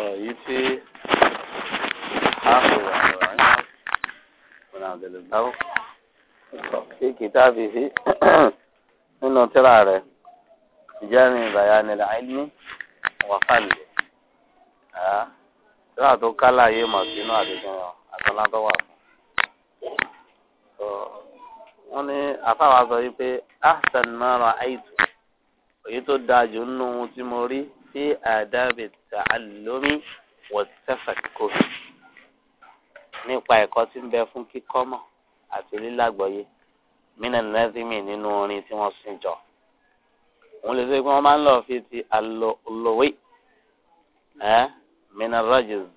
èyí tí a kò wà lọ́wọ́ ọ̀nà àbẹ̀lẹ̀ báwò kí kìtàbí sí nínú tírà rẹ̀ ìjẹ́rìí ìbàyà nílẹ̀ àìní wàhálì tírà tó kálàyé mọ̀ sínú àdéhùn àtọ́látọ́wà fún wọ́n ní afáwa sọ yìí pé ahsan mara aitu èyí tó dáa jù nínú ohun tí mo rí fi àdábì tàálómi wọ̀tẹ́fàkóyè nípa ẹ̀kọ́ tí ń bẹ fún kíkọ́mọ̀ àti lílágbọ́yé mina nazimi nínú orin tí wọ́n sìn jọ. òun lè sọ pé wọ́n máa ń lọ fi ti alòlówé mina rogers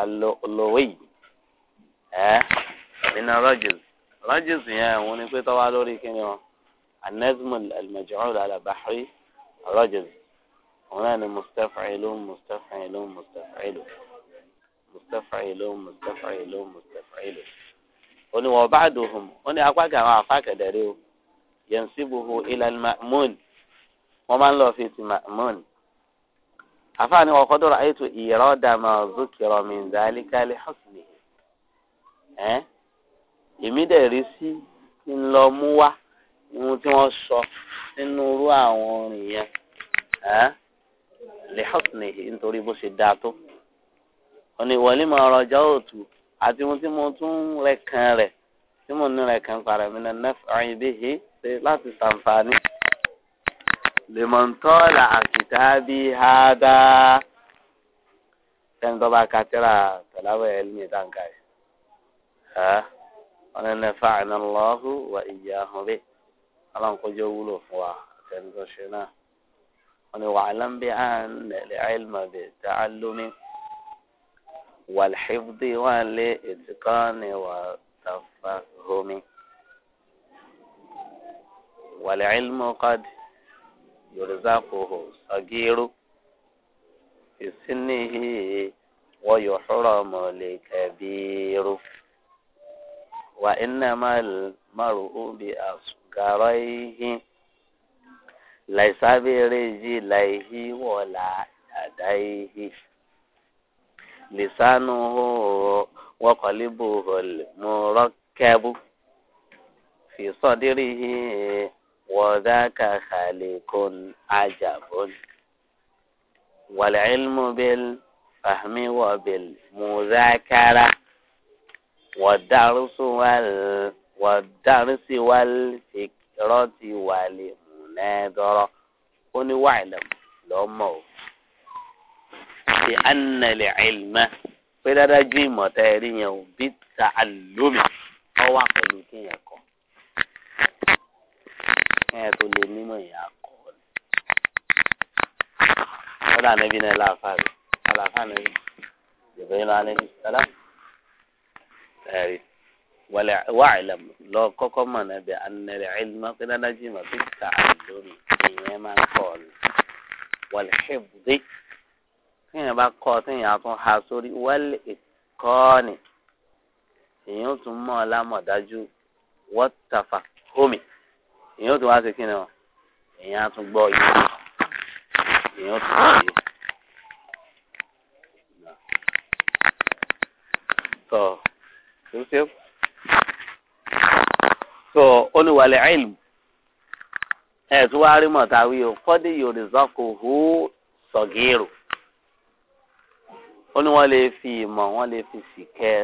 alòlówé mina rogers rogers yẹn òun ni pé tọ́wá lórí kí ni wọn anazmul almajhul alabahri. الرجل هنا مستفعل مستفعل مستفعل مستفعل مستفعل مستفعل oni wọn bá dùnhùn wọn ni apá kan àwọn afá kẹdẹrẹ o yẹn sì buhu ilal ma'mun wọn máa ń lọ fi ti ma'mun afá ni wọn kọdọ ra'aytu ìrọdà máa zukirọ min zalika li husni ẹ èmi dẹ̀ rí sí kí n lọ mú wá ohun tí wọ́n sọ nínú irú àwọn orin yẹn lè hosni nítorí bó ṣe dáa tó ọ̀nà ìwọlé mọ̀ ọ̀rọ̀ ọjọ́ òtù àti ohun tí mo tún rẹ̀ kan rẹ̀ tí mo ní rẹ̀ kan mi náà nẹ́fẹ̀ẹ́ bí he ṣe láti ṣàǹfààní. lè mọ̀ ń tọ́lá àkìtà bí hádà sẹ́ni tó bá ka tẹ́ra tọ́láwọ̀ ẹ̀ ní ìdáǹkà yìí. ọ̀nà nẹ́fẹ̀ẹ́ àná lọ́hùn wà ìyá ọ̀hún bẹ́ẹ̀. ọlọ́run kó jẹ́ wúlò fún wa àtẹni tó ṣe náà wọn ni wàá lánbí ànẹ̀lẹ̀ àìlmọ̀bẹ̀ tá a lómi wàlhífdì wà lé ìtìkánì wà tàfàhómi wàlhílmù kọ́d yorùzákòhò sọgírú ìsínìhì wọ́n yóò xúrọ̀ mọ̀lẹ́ kẹbíírú wà ìnàmà márùn-ún bí asùn. منكريه ليس برجليه ولا يديه لسانه وقلبه المركب في صدره وذاك خالق عجب والعلم بالفهم وبالمذاكرة والدرس والفهم wàdárìsí wàlìfìkìrọ́tì wàlì múnẹ́dọ́rọ́ ó ní wàlẹ̀ lọ́mọ o. ṣe ànàlẹ̀ ìlmẹ́ pé dáadáa ju ìmọ̀tá ẹ̀rí yẹn ò bí ta àlómi ọ wà pẹ̀lú kéèyàn kọ́. kéèyàn tó lè mímọ̀ yẹn akọ́ ni. wọ́n dà níbi náà láàfáà rẹ̀ àlàáfáà náà ìbẹ̀rẹ̀ náà níbi sálá wàhálàm lọ kọ́kọ́ mọ̀ nàbẹ̀ anẹ̀rẹ̀ ẹ̀lmọ́ pé dáadáa jìnnà tó ta àlómi ìyẹn máa ń kọ́ ọ ni wàlẹ̀ ṣèbùdé tíyẹn bá kọ́ tíyẹn á tún ha sórí wàlẹ̀ ìkọ́ni èyàn ó tún mọ̀ ọ́ lámọ̀dájú wọ́tàfà hómi èyàn ó tún wá sí kí ni ọ èyàn á tún gbọ́ yìí èyàn So, you so ó ní wàlẹ̀ ilm ẹ̀ tí wàá rí mọ̀tàwí o kọ́dí yorùsọ́kù hù sọ̀gírù ó ní wọ́n lè fi ìmọ̀ wọ́n lè fi sìkẹ́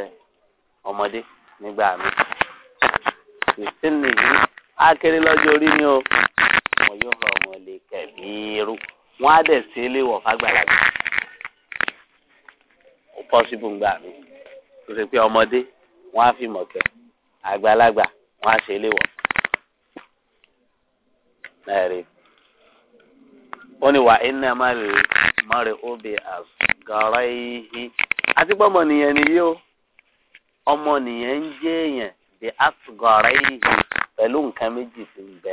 ọmọdé nígbà mi ìsinmi yìí á lọ́jọ́ orí ni o wọn yóò hàn ọmọ lè kẹ̀bíirú wọn á dẹ̀ sí ilé wọ̀ fágbàlagbà ó pọ́sibú ngbà mi kò sí pé ọmọdé wọn á fi mọ̀ kẹ́ àgbàlagbà. wọ́n á ṣe ilé wọ̀ ẹ̀rí ó ní wà iná má rè má rè ó bi àgàrà ihe àti pé ọmọnìyàn nìyí o ọmọnìyàn ń jẹ́ èèyàn bi àgàrà ihe pẹ̀lú nǹkan méjì tí ń rẹ̀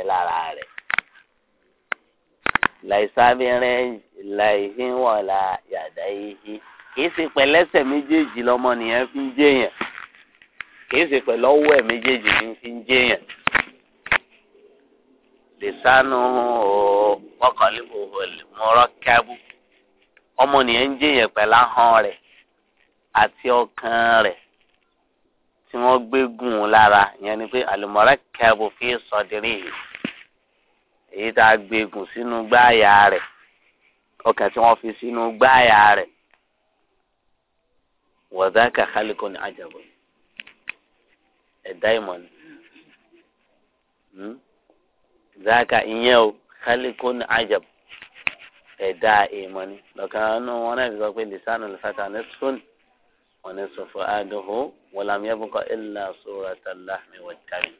ihe kì í ṣe pẹ̀lú ọwọ́ ẹ̀ méjèèjì ní fi ń jẹ́yàn lisanu wakọlibu mọrọkẹbu ọmọnìyàn ń jẹ́yàn pẹ̀lú ahọ́n rẹ̀ àti ọkàn rẹ̀ tí wọ́n gbé gùn ún lára ìyẹn ni pé alimọrọkẹbu fi sọdiri èyí tá a gbé gùn sínú gbáàyà rẹ̀ ọkàn tí wọ́n fi sínú gbáàyà rẹ̀ wọ́dà kàkálíkò ní àjàbọ̀ yìí ẹ̀dá ìmọ̀ ni zaka ìyẹn o khalikun ajab ẹ̀dá ìmọ̀ e ni lọ́kàn nínú wọn náà fi sọ pé lisanu lifata ní sun wọn ní sọfọ aduhu wọlam yẹbùkọ ilà sóratàlá mi wọ jáde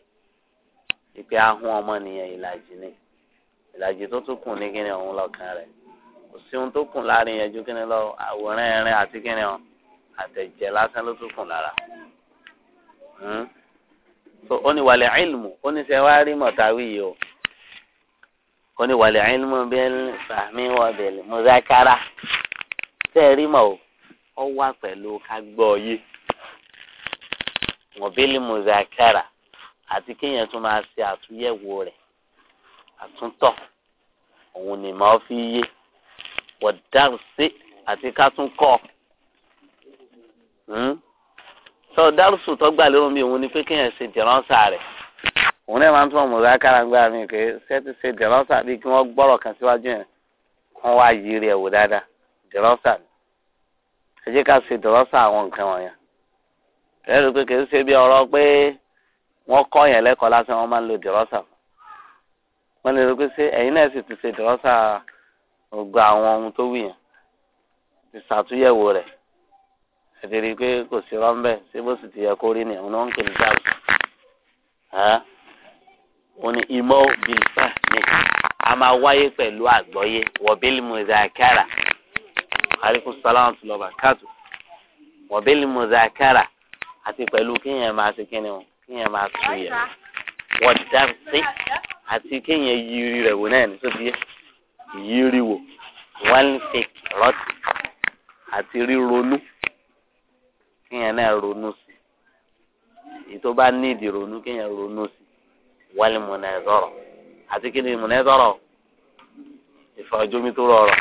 ìpè ahọ́n ọmọ nìyẹn ìlàjì ni ìlàjì tó tún kù ní kíni ọ̀hún lọ́kàn rẹ̀ kò sí ohun tó kù láàrin yẹn kíni lọ àwòrán ẹ̀rín àti kíni ọ àtẹ̀jẹ̀ lásán ló tún kù lára so ó ní wàlẹ̀ ìlmù ó ní sẹ́ wáá rí mọ̀tàwí yìí o ó ní wàlẹ̀ ìlmù bẹ́ẹ̀ fàmí wọ bẹ̀lẹ̀ muzakara tẹ́ ẹ rí mọ̀ o ó wà pẹ̀lú kágbọ́ yìí wọ́n bẹ́ẹ̀ àti kéèyàn tún máa ṣe àtúnyẹ̀wò rẹ̀ àtúntọ̀ òun ni màá fi yé wọ́n dárò sí àti ká tún kọ́ ọ́. Hmm? sọ dárúsù tó gbà lérò mi òun ni pé kéèyàn ṣe dìránṣà rẹ̀ òun náà máa ń tún ọmọdé akárangba mi pé ṣẹ́tù ṣe dìránṣà bíi kí wọ́n gbọ́rọ̀ kan síwájú yẹn wọ́n wá yí rẹ̀ wò dáadáa dìránṣà ni ẹ jẹ́ ká ṣe dìránṣà àwọn nǹkan wọ̀nyẹn lẹ́rù pé kì í ṣe bí ọ̀rọ̀ pé wọ́n kọ́ yẹn lẹ́kọ̀ọ́ lásán wọ́n máa ń lo dìránṣà wọ́n lè rí pé ṣé ẹ̀yin náà sì ti ṣe dìránṣà gbogbo àwọn ohun tó wù yẹn ẹ̀fẹ̀rí pé kò sí rọ́ńbẹ́ ṣé bó sì ti yẹ kó rí ni àwọn náà ń kiri jáàbù wọn ni ìmọ̀ bìlfà ni a máa wáyé pẹ̀lú àgbọ́yé wọ̀bẹ́lì mùzàkàrà àríkù sálàmù tó lọ́ba káàtó wọ̀bẹ́lì mùzàkàrà àti pẹ̀lú kéèyàn máa ṣe kíni o kéèyàn máa tu yẹ wọ́n dábìsí àti kéèyàn yiri rẹ̀ wò náà ní sóbi yẹ yiri wò wọ́n fi rọ́ọ̀tì àti ríronú. kéèyàn náà ronú sí èyí tó bá ní ìdí ronú kéèyàn ronú sí wálé mọ̀nà ẹ̀ sọ̀rọ̀ àti kí ni mọ̀nà ẹ̀ sọ̀rọ̀ ìfọ̀jọ́mi tó rọrọ̀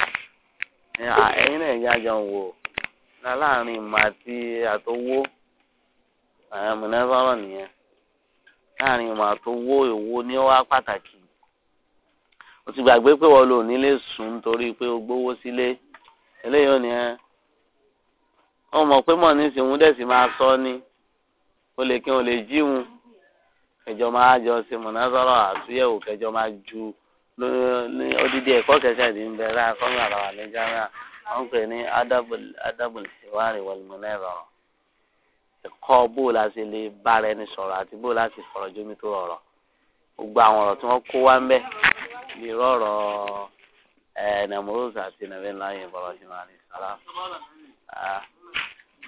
ẹ̀yin náà yá jọ ń wò ó láàrin ìmọ̀ àti àtọwó mọ̀nà ẹ̀ sọ̀rọ̀ nìyẹn láàrin ìmọ̀ àtọwó ìwo ni ó wá pàtàkì o ti gbàgbé pé wọ́n lò nílé sùn nítorí pé o gbówó sílé eléyìí ò ní ẹ́ wọn mọ̀ pé mọ̀ ní sìnwó dẹ̀ sì máa sọ ni o lè kí n ò lè jí wọn kẹjọ máa jọ sí mọ̀nàsọ́rọ̀ àtúnyẹ̀wò kẹjọ máa ju ní odidi ẹ̀kọ́ kẹsẹ̀ ní bẹ̀rẹ̀ akọ́nù àlàwà ní ghana wọn pè ní adabul hiwari wàlúmọ̀nà ẹ̀kọ́ bó la ṣe lè bára ẹni sọ̀rọ̀ àti bó la ṣe fọ̀rọ̀ jómi tó rọ̀rọ̀ gbogbo àwọn ọ̀rọ̀ tí wọ́n kó wá ń bẹ́ bí rọ̀rọ̀ ẹ̀ eh, nàmúrúsà àti nàbẹ́ńlá yẹn bọ̀rọ̀ ṣe máa sàrà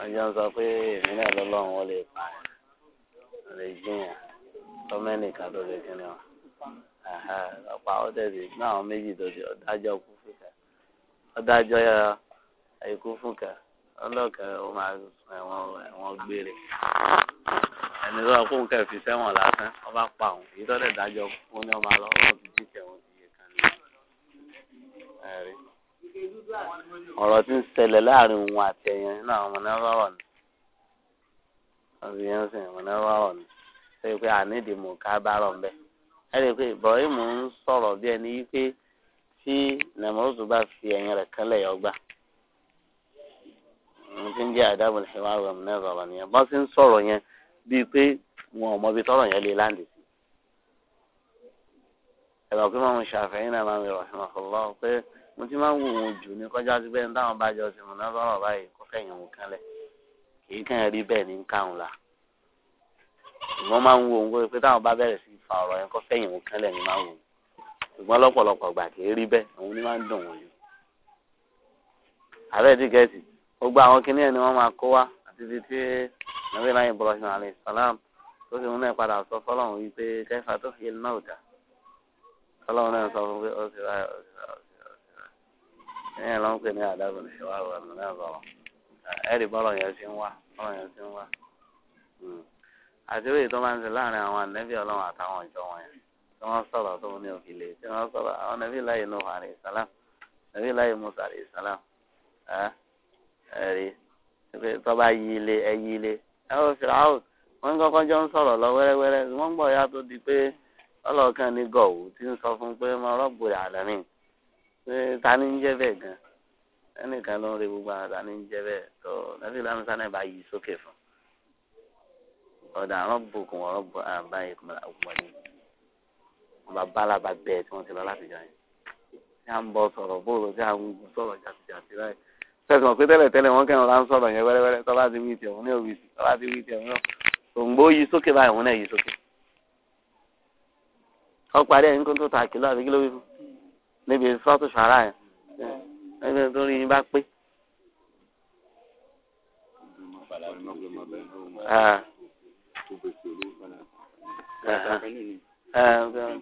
ọjọ́ sọ pé èmi náà lọ́lọ́run wọ́n lè pa ẹ̀ lè jiyàn tọ́mẹ́nìkan tó lè kíni wọn ọ̀pọ̀ àwọn tẹ̀sí náà àwọn méjì tó ti ọ̀dájọ́ kú fún kẹ ọ̀dájọ́ ikú fún kẹ ọlọ́kẹ́ ó máa sùn ẹ̀wọ̀n ẹ̀wọ̀n gbére ẹni tó kún kẹ fi sẹ́wọ̀n lásán wọ́n bá pa òun èyí tó lè dájọ́ fún ní ọmọ alọ́wọ́ ti jí kẹwọn ti yẹ kan ní ẹ̀rí ọ̀rọ̀ tí ń ṣẹlẹ̀ láàrin òun àti ẹ̀yàn nínú àwọn ọmọ náà rọrọ̀ ni ọ̀rọ̀ yẹn sì ọmọ náà rọrọ̀ ni ṣe pé ànídìí mò ń ká bá rọ̀ ń bẹ̀ ẹ rí i pé Ibrahim ń sọ̀rọ̀ bí ẹni yí pé tí nàmọ́sù bá fi ẹ̀yìn rẹ̀ kánlẹ̀ yọ gbà ti ń jẹ́ àdábò ní ìwà rẹ̀ náà rọrọ̀ nìyẹn bọ́n ti ń sọ̀rọ̀ yẹn bíi pé wọn ò mọbi tọ́rọ̀ yẹn lè láǹdì sí ẹ̀rọ pé máa ń náà máa ń rọ̀ ṣùgbọ́n mo ti máa ń wò wọn jù ní kọjá sí pé táwọn bá jọ sí mọ̀nà sọ̀rọ̀ báyìí kó fẹ̀yìn òun kanlẹ̀ kìí kàn rí bẹ́ẹ̀ ní káwọn la ìwọ́n máa ń wo òun pé táwọn bá bẹ̀rẹ̀ sí fa ọ̀rọ̀ yẹn kó fẹ̀yìn òun kanlẹ̀ ní máa wò ó ṣùgbọ́n lọ́pọ̀lọpọ̀ gbà kìí rí bẹ́ẹ̀ òun ni máa ń dùn wọ́n yìí. àbẹ́ tíkẹ́ẹ̀tì gbogbo àwọn kinní ẹ̀ ni wọ́n máa kó wá àti ti ti mú ẹ̀yìn ló ń pè ní àdágùn ní ìwà àwọn ọ̀nà náà bọ̀ ẹ̀rì bọ́lọ̀ yẹn ti ń wá bọ́lọ̀ yẹn ti ń wá. Hmm. àti wíì tó máa ń ṣe láàrin àwọn ànẹ́bí ọlọ́run àtàwọn ìjọ wọn yẹn tí wọ́n sọ̀rọ̀ tó ní òfin lè tí wọ́n sọ̀rọ̀ àwọn nàbí láyé nuhu àlè sàlám nàbí láyé musa àlè sàlám ẹ̀rí tó bá yí ilé ẹ yí ilé ẹ ó fi ráhùn wọ́n kọ́kọ́ jọ ń sọ̀rọ̀ lọ wẹ́rẹ́wẹ́rẹ́ wọ́n gbọ́ ya tó di pé ọlọ́ọ̀kan ní gọ̀ọ̀wù ti ń sọ fún pé mo rọ́bù àlẹ́ mi ta ni ń jẹ́ bẹ́ẹ̀ gan ẹnìkan ló ń re gbogbo àwọn ta ni ń jẹ́ bẹ́ẹ̀ tó nàbí ìlànà sáà náà bá yí sókè fún ọ̀dà àwọn bùkún ọ̀rọ̀ bù àbá ìkùnmọ̀lì ọba bálaba bẹ́ẹ̀ tí wọ́n ti lọ láti jọ yẹn tí a ń bọ sọ̀rọ̀ bóòlù tí a ń sọ̀rọ̀ jàtìjàtì láì sẹ̀sìn ọ̀pẹ tẹ́lẹ̀ tẹ́lẹ̀ wọ́n kẹ́hìn láń sọ̀rọ̀ yẹn wẹ́rẹ́wẹ́rẹ́ tọ́lá ti wí tiẹ̀ òun ní òwì sí tọ́lá ti wí tiẹ̀ òun náà yí sókè báyìí òun náà yí sókè. ọ parí kó tó ta kìlọ̀ àbí kí wí fún níbi sọ́ọ̀tù sàrà yẹn ẹgbẹ́ tó rí yín bá pé.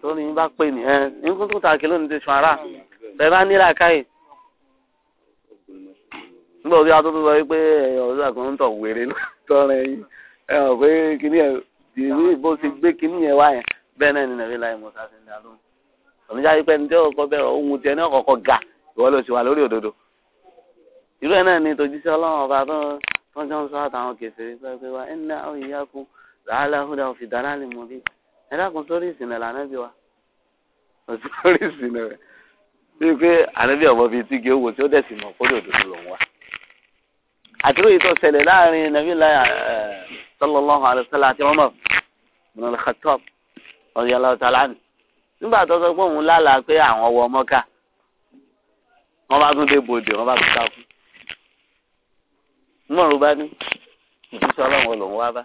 tó rí yín bá pé ni eh, nǹkan tó ta kìlọ̀ ní ti sàrà bẹ́ẹ̀ bá nílà káyè nígbà tí a tó tó sọ wípé ọ̀sẹ̀ kan tọ̀ wèrè tọrẹ yín ẹ hàn pé kíní ẹ̀ bó ti gbé kíní wá yẹn bẹ́ẹ̀ náà ni nàbí láì mọ̀ sáfẹ́ ní alóhùn tọ́nujá wípé ní tí ọkọ bẹ̀rẹ̀ ohun tiẹ̀ ní ọ̀kọ̀ọ̀kọ̀ ga ìwọ ló ti wà lórí òdodo. irú ẹ̀ náà ni tòjíṣẹ́ ọlọ́run ọba tó ń jọ ń sọ àtàwọn kẹfìrí pé wa ẹ̀ ńlá òye yá kú ràhálà húdà òfin dáná lè mọ bí ẹ dákun sórí ìsìnlẹ̀ lànà bí wa. sórí ìsìnlẹ̀ rẹ̀ bíi pé ànábì ọ̀bọ bíi tí gé owó tí ó dẹ̀sì mọ̀ kórè òdodo lòún wa. àtúrò yìí tó ṣẹlẹ̀ láàrin nàbí láyà eh, sallallahu alaihi wasallam àti nígbà tó sọ pé òun lálàá pé àwọn wọ mọ́kà wọ́n bá tún dé bòde wọ́n bá tún sáfù mọ̀rún bá ní ìtúsọ ọlọ́run olóhùn wá bá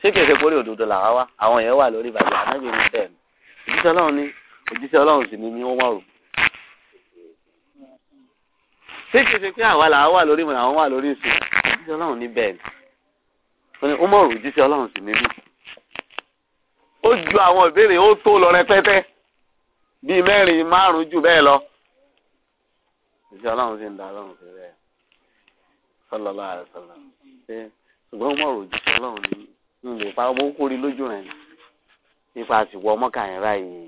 ṣé kèsè kórè òdodo làwa wá àwọn yẹn wà lórí ìbàjẹ́ ànágbè ní bẹ́ẹ̀ ni ìtúsọ ọlọ́run ní òjíṣẹ́ ọlọ́run sì ni ní wọ́n mọ̀rún ṣé kèsè pé àwa làwa wà lórí ìmọ̀ràn àwọn wà lórí ìsìn òjíṣẹ́ ọlọ́run ní bẹ́ẹ̀ ni ó mọ̀rún òjíṣẹ́ ọlọ́run sì ni ní ó ju àwọn ìbéèrè ó tó lọ rẹpẹtẹ bíi mẹ́rin márùn-ún jù bẹ́ẹ̀ lọ. ìṣe ọlọ́run ti ń da ọlọ́run sí rẹ̀ sọlọ́lá rẹ̀ sọlọ́ ṣe ṣùgbọ́n mọ̀ rò jù ọlọ́run ní ilé ìpa ọmọ kórìí lójú rẹ̀ nípa àsìwọ́ ọmọ kàyìnrà yìí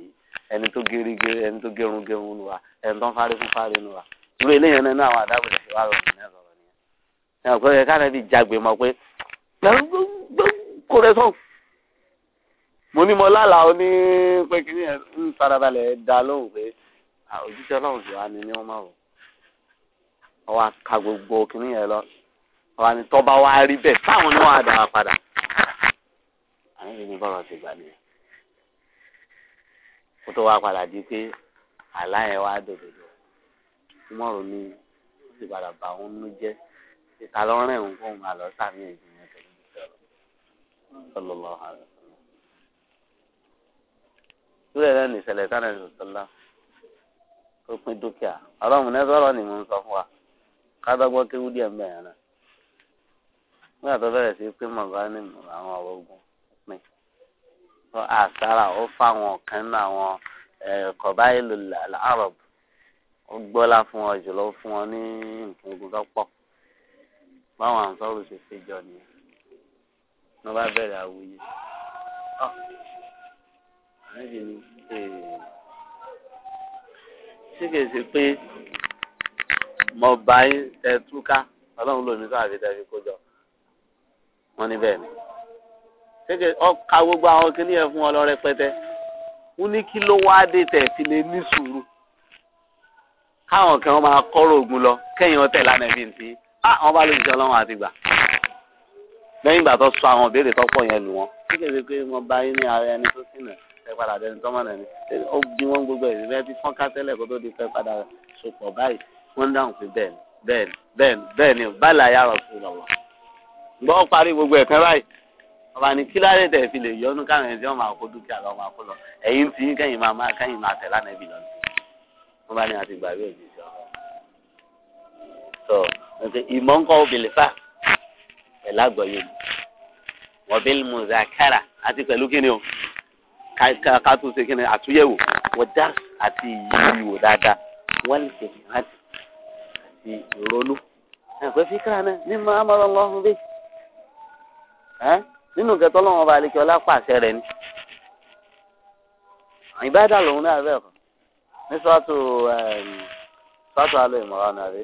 ẹni tó geri geri ẹni tó gerun gerun nu wa ẹni tó ń fárí fún fárí nu wa irú eléyìí nínú àwọn àdáàbò ṣe wá rọrùn ní ẹ̀rọ nìyẹn. ẹ̀ ọ̀pẹ́ káàdì jagbe mo ní mo lálàá ó ní pé kí n farabalẹ̀ dá lóhùn pé òjíṣẹ́ ọlọ́run ti wá ní ní wọ́n máa wò ó wá ka gbogbo kìnìún yẹn lọ wá ní tọ́ba wá rí bẹ́ẹ̀ táwọn ni wọ́n á dára padà àwọn yìí ní bọ́lá ti gbà nìyẹn kó tó wá padà di pé àlá wá dòdòdò mọ́rùn ní ó sì padà bà wọ́n nú jẹ́ ìta lọ́rùn ẹ̀ kóhun àlọ́ sàmì ìdí yẹn tẹ̀lé ìṣẹ́ ọ̀rọ̀ sọlọ́lọ́ àlọ́ túrẹ̀ rẹ̀ ìṣẹ̀lẹ̀ sáré ní ìṣọ̀lá ó dúkìá ọ̀rọ̀ mùnẹ́ sọ̀rọ̀ ni mò ń sọ fún wa kádọ́gbọ́ kéwú díẹ̀ mbẹ́ yẹn náà nígbà tó bẹ̀rẹ̀ sí pé mọ̀gá ní àwọn ọ̀rọ̀ ogun pín ó àṣàrà ó fáwọn kan nínú àwọn kọ̀bá ìlú arab ó gbọ́lá fún wọn jùlọ fún wọn ní nǹkan ogun tó pọ̀ báwọn àǹsọ́rù ṣe ṣèjọ nìyẹn ló bá bẹ̀rẹ̀ àwùjọ tí kìí ṣe pé mo bá yín tẹ túká ọlọ́run lòmí sọ àfi tẹ fi kó jọ wọn ní bẹ́ẹ̀ ni ṣéke ọka gbogbo àwọn kìíní yẹn fún ọlọ rẹpẹtẹ wọn ní kí ló wáá dé tẹ fi lè ní sùúrù káwọn kan máa kọrọ ògùn lọ kẹyìn ọtẹ lánàá bíi ntí á wọn bá lè jẹ ọlọ́run àti gbà lẹ́yìn ìgbà tó sọ àwọn ìbéèrè tó pọ̀ yẹn lù wọn ṣéke ṣe pé mo bá yín ní ara ẹni tó sínú ẹ ẹ padà dẹni tọ́mọ̀ náà ni ó bí wọ́n gbogbo ẹ̀sìn bẹ́ẹ̀ ti fọ́n ká tẹ́lẹ̀ kó tó di pẹ́ padà sopọ̀ báyìí wọ́n dáhùn pé bẹ́ẹ̀ ni bẹ́ẹ̀ ni bẹ́ẹ̀ ni bẹ́ẹ̀ ni báyìí la yára sùn lọ́wọ́ gbọ́ parí gbogbo ẹ̀kan báyìí ọba ní kí láyé tẹ̀ fi lè yọnu káwọn ẹni tí wọ́n máa kó dúkìá lọ́wọ́ máa kó lọ ẹ̀yìn tí kẹ́yìn máa kẹ́yìn máa tẹ̀ lánàá ibì lọ́nà wọ́n bá ní àti gbàgbé òjì sí ọ̀rọ̀ sọ ẹ̀sẹ̀ ìmọ̀ ńkọ́ obìnrin fà pẹ̀lú àgbọ̀yé mi wọ́n mo zàkàrà àti pẹ̀lú kíni o ká tún ṣe kíni àtúnyẹ̀wò wọ́dà àti ìyíwò dáadáa wọ́n lè ṣe ìhàdì àti ìrònú. ẹ̀pẹ́ fíkà náà ní ma amọ̀ràn lọ́hùn bí. nínú kẹtọ́ lọ́wọ́ ọba àlekẹ́ ọlá pàṣẹ rẹ̀ ni. ìbáàdà lòun náà bẹ́ẹ̀ kọ́ ní sọ́tù sọ́tù alẹ́ ìmọ̀ràn náà rí.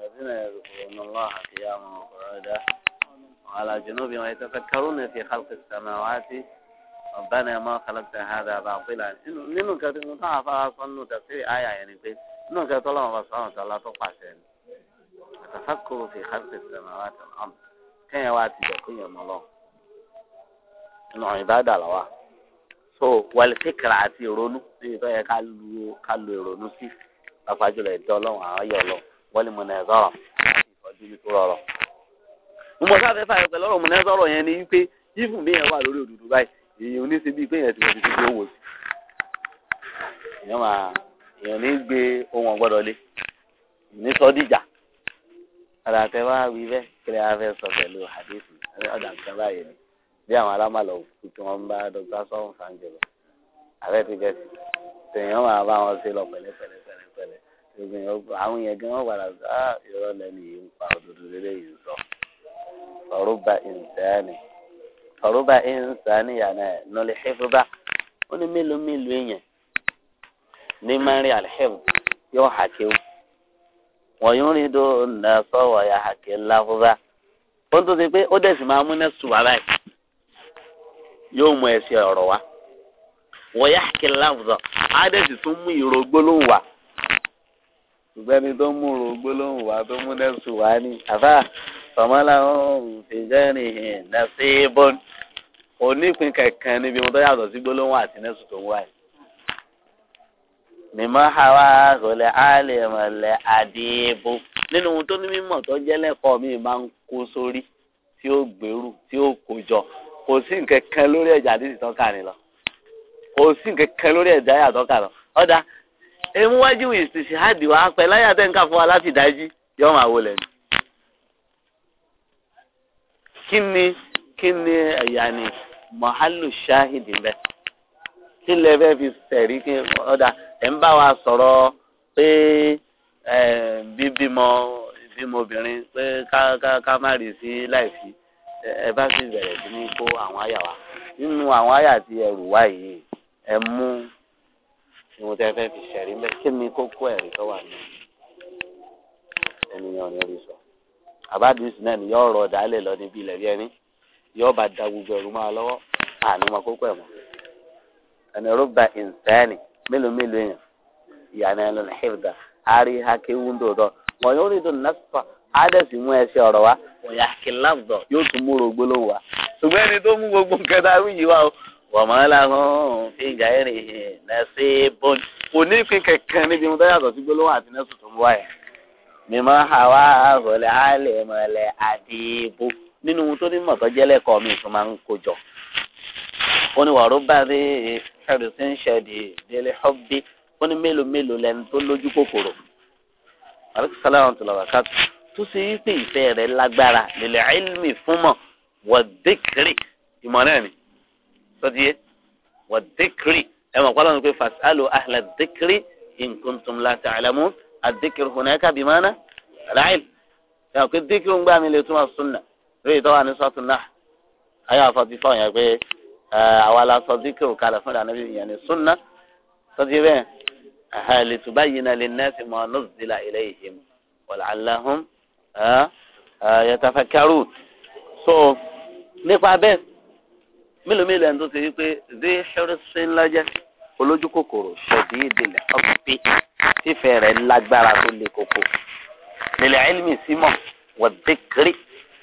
lẹ́bí náà yẹ kó ọ̀nà lọ́hàn kí á mọ̀ ọ̀rọ̀ dáa. وعلى جنوبهم يتفكرون في خلق السماوات ربنا ما خلقت هذا باطلا nínú nǹkan tí mo tán afárá sọ nínú tẹ̀síì àyà yẹn ni pé nínú nǹkan tó lọ́wọ́ bá sọ̀rọ̀ sọ̀rọ̀ tó pàṣẹ ni àtàfàkùrù fi xàtì sẹ̀mà wà tẹ̀ ọ̀n kẹ́yìn wá ti dẹ̀kun yẹn mọ́ lọ. nínú ìbádà la wa so wàlí fíkìrà àti ìrònú níbi tó yẹ ká lu ká lu ìrònú sí pàápàá jùlọ ìdọ́lọ́wọ̀n àwọn yọ̀ lọ wọ́n lè mọ̀ náà ẹ̀ mo sáfẹ́ fà pẹ̀lú ọ̀rọ̀ mọ̀nẹ́ sọ̀rọ̀ yẹn ni wípé yífùn mi yẹn wà lórí òdòdó báyìí èèyàn ní ṣe bíi pé yẹn ti wọ́n ti fi owó sí. èèyàn máa èèyàn ní gbé ohun ọ̀gbọ́dọ̀ lé ní sọ́díjà padà tẹ wá wí bẹ́ẹ̀ kí lè fẹ́ sọ pẹ̀lú àdéhùn ọ̀dà nǹkan báyìí ni bí àwọn alámàlọ́ òkú tí wọ́n ń bá dr sọ́hún sanjẹ́ lọ àbẹ́ ti gẹ̀ẹ́sì tèèyàn máa bá wọn ṣe lọ pẹ̀lẹ́pẹ̀lẹ́ pẹ̀lẹ́pẹ̀lẹ́ àwọn yẹn gan wọn padà sọ ah ìrọ̀lẹ́ ni yìí ń pa òdodo lélẹ́yìí ń sọ ọ̀rọ̀bà ìnsánì ọ̀rọ̀bà ìnsánì yàrá ẹ̀ nọlẹ̀ xẹ́fúrúbà ó ní mélòó mélòó èèyàn ní mẹ́rin àlẹ́fù yóò hàkéwò wọ́n yóò rí do nàṣọ́ wọ̀ yà hàké láfúrúbà ó tó ti pé ó dẹ̀ sì máa mú ní sùwà báyìí yóò mú ẹsẹ̀ ọ̀rọ̀ wa wọ́n yà hàké láfúrúbà á dẹ̀ sì tún mú ìró gbólóhùn wa ṣùgbọ́n tó mú ìró gbólóhùn wa tó mú ní sùwà ni àfáà fàmọ́lá ń fi jẹ́rìn hìn nàṣí bọ́n onípín kankan níbi ohun tó yàtọ̀ sí gbólóhùn àti nẹ́sùn tó ń wáyé. mímọ́ àwa rọlẹ̀ àlẹ́ rọlẹ̀ àdìbò nínú ohun tó ní mímọ̀ tó jẹ́ lẹ́kọ̀ọ́ mi máa ń kó sórí tí ó gbèrú tí ó kó jọ kò sí nǹkan kan lórí ẹ̀já àdìsí tọ́ka ni lọ kò sí nǹkan kan lórí ẹ̀já àyà tọ́ka lọ ọ̀dà emu ìsìsì àdìwà pẹ̀láyà tẹ̀ fún wa láti dájí yọ̀ọ́ máa wọlé ni kíni kíni ẹ̀yàní mọ̀hálù ṣáhìdì bẹ́ẹ̀ kí lè fẹ́ fi sẹ̀rí kí ọ̀dà ẹ̀ ń bá wa sọ̀rọ̀ pé bíbímọ ìbímọbìnrin pé ká má rí sí láìsí ẹ bá sì bẹ̀rẹ̀ sí ní kó àwọn àyà wa nínú àwọn àyà tí ẹrù wá yìí ẹ mú ìwọ̀n tẹ́ fi sẹ̀rí bẹ́ẹ̀ kí ni kókó ẹ̀rí tó wà ní ènìyàn ní orí sọ àbádìsí náà ni yọ ọ̀rọ̀ dálẹ̀ lọ níbi ilẹ̀ bí ẹni yọ bá da gbogbo ẹ̀rù máa lọ́wọ́ àní máa kókó ẹ̀ mọ́ ẹni rúbà ìǹtẹ́ẹ̀nì mélòó mélòó èèyàn ìyànà ẹ̀ lọ́nà hìrìdà àárí hake wúndò dọ̀ wọ́n yóò rí dùn násìkò àádẹ́sì mú ẹsẹ̀ ọ̀rọ̀ wa wọ́n yà kí láàbùdọ̀ yóò tún múrò gbólóhùn wa ṣùgbọ́n ẹni tó mú gbogbo nǹkan wí yìí wá o wọ́n máa ń láhùn fi gàírì nẹ́sì bọ́ọ̀lù kò ní ìpín kẹ̀kẹ́ níbi mo dáyàtọ̀ sí gbólóhùn àti nẹ́sì tó ń wáyà mímọ́ àwa àhòlẹ̀ àlẹ̀ mọ̀lẹ̀ àdìbò nínú ohun tó ní mọ̀ tó jẹ́ lẹ́kọ̀ọ́ mi tó máa ń kojọ. ó ní wàrú bá rí ṣàdùsí ń ṣẹ̀dì délé ọ́bí ó ní mélòó mélòó lẹni tó lójú kòkòrò. alẹ́kùsálàmù tó lọ́wọ́ ká tó ṣe é pé ìfẹ́ rẹ̀ lágbára lèlè ẹ̀lmì fún mọ̀ wọ́dẹ́kìrì ìmọ̀ náà ni sọ́díyé wọ́dẹ́kìrì ẹ̀ mọ̀ pálọ̀ ní pé fasalu ahlẹ̀ dẹ́kìrì in kuntum àdékèrè hùnà kábì mọ́nà ráìl yàrá pé dékèrè ń gbà mí lè túmọ̀ súnà lórí ìtọ́wà ní sọ́tún náà ayé àwọn fọtí fọyín yẹn pé àwa la sọ dékèrè kalẹ̀ fún ìdáná bí yẹn ní súnà sọ́tí bẹ́ẹ̀ àhàlẹ́tùbá yìí náà lè nẹ́ẹ̀sì mọ́ nọ́ọ̀sìlá ilé ìhìm wàlàhùn yẹtafakaru so nípa bẹ́ẹ̀ mélòó mélòó ẹni tó ti rí pé zé ṣẹ́rẹ́sẹ́ ńlá jẹ́ olójú kòkòrò ṣẹ̀dí ìdílé ọ̀pẹ̀ tífẹ̀ rẹ̀ lágbára tó le koko lílẹ̀ ẹlmi símọ̀ wọ̀dẹ́kiri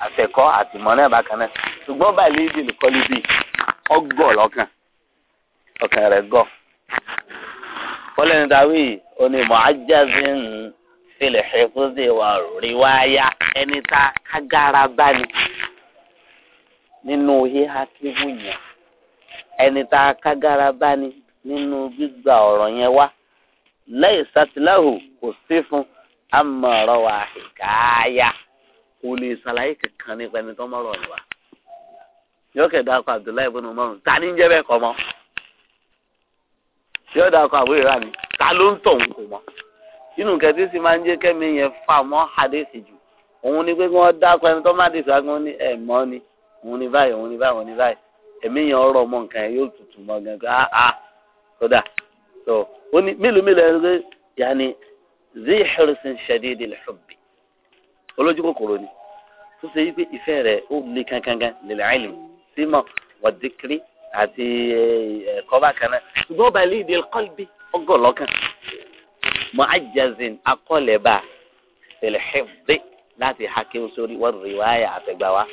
àtẹ̀kọ́ àtìmọ́lẹ̀ bákan náà ṣùgbọ́n báyìí lédi nìkọ́lé bíi ọgọ́ lọ́kàn ọkàn rẹ̀ gọ̀ kọ́lẹ̀ ní dawí oní mọ̀ájàzín filẹ̀ ṣẹ́fúnṣe wà ríwáyà ẹni tá kágára bá ní nínú híhá kí wúnyẹn ẹni tá kágára bá ní nínú gbígba ọ̀rọ̀ yẹn wá lẹ́yìn sátìláhù kò sí fún amọ̀rọ̀wà hikaya kò lè ṣàlàyé kankan nípa ẹni tó mọ̀rọ̀ wa yóò kẹ̀ dákọ̀ abdullahi ibùnú mọ́rùn ta ni ń jẹ́ bẹ́ẹ̀ kọ́ mọ́ yóò dákọ̀ àbúrò rà ní ta ló ń tọ̀ ń kò mọ́ inú kẹtí sì máa ń jẹ́ kẹ́mi yẹn fà mọ́ àdéhìí jù òun ni pé kí wọ́n dákọ̀ ẹni tó má dé ìfàgùn ní ẹ̀ mọ́ ni òun ni báyìí òun ni báyìí òun ni báyìí ah ah kódà so ó ní mélòó mélòó ẹ ṣe yàní zihirisin ṣẹdíìdì lẹ́fọ̀bì olójú kòkòrò ni tó ṣe wípé ìfẹ́ rẹ̀ ó le kankankan lil ilm símọ̀ wàdíkiri àti ẹ̀kọ́ bákan náà ṣùgbọ́n ọba ilé ìdí kọ́lbí ọgọ́lọ́kan mu'ajjazin akọ́lẹ̀bà tẹ̀lẹ́xẹ́bí láti hake sórí wọ́n riwaya àtẹ̀gbáwa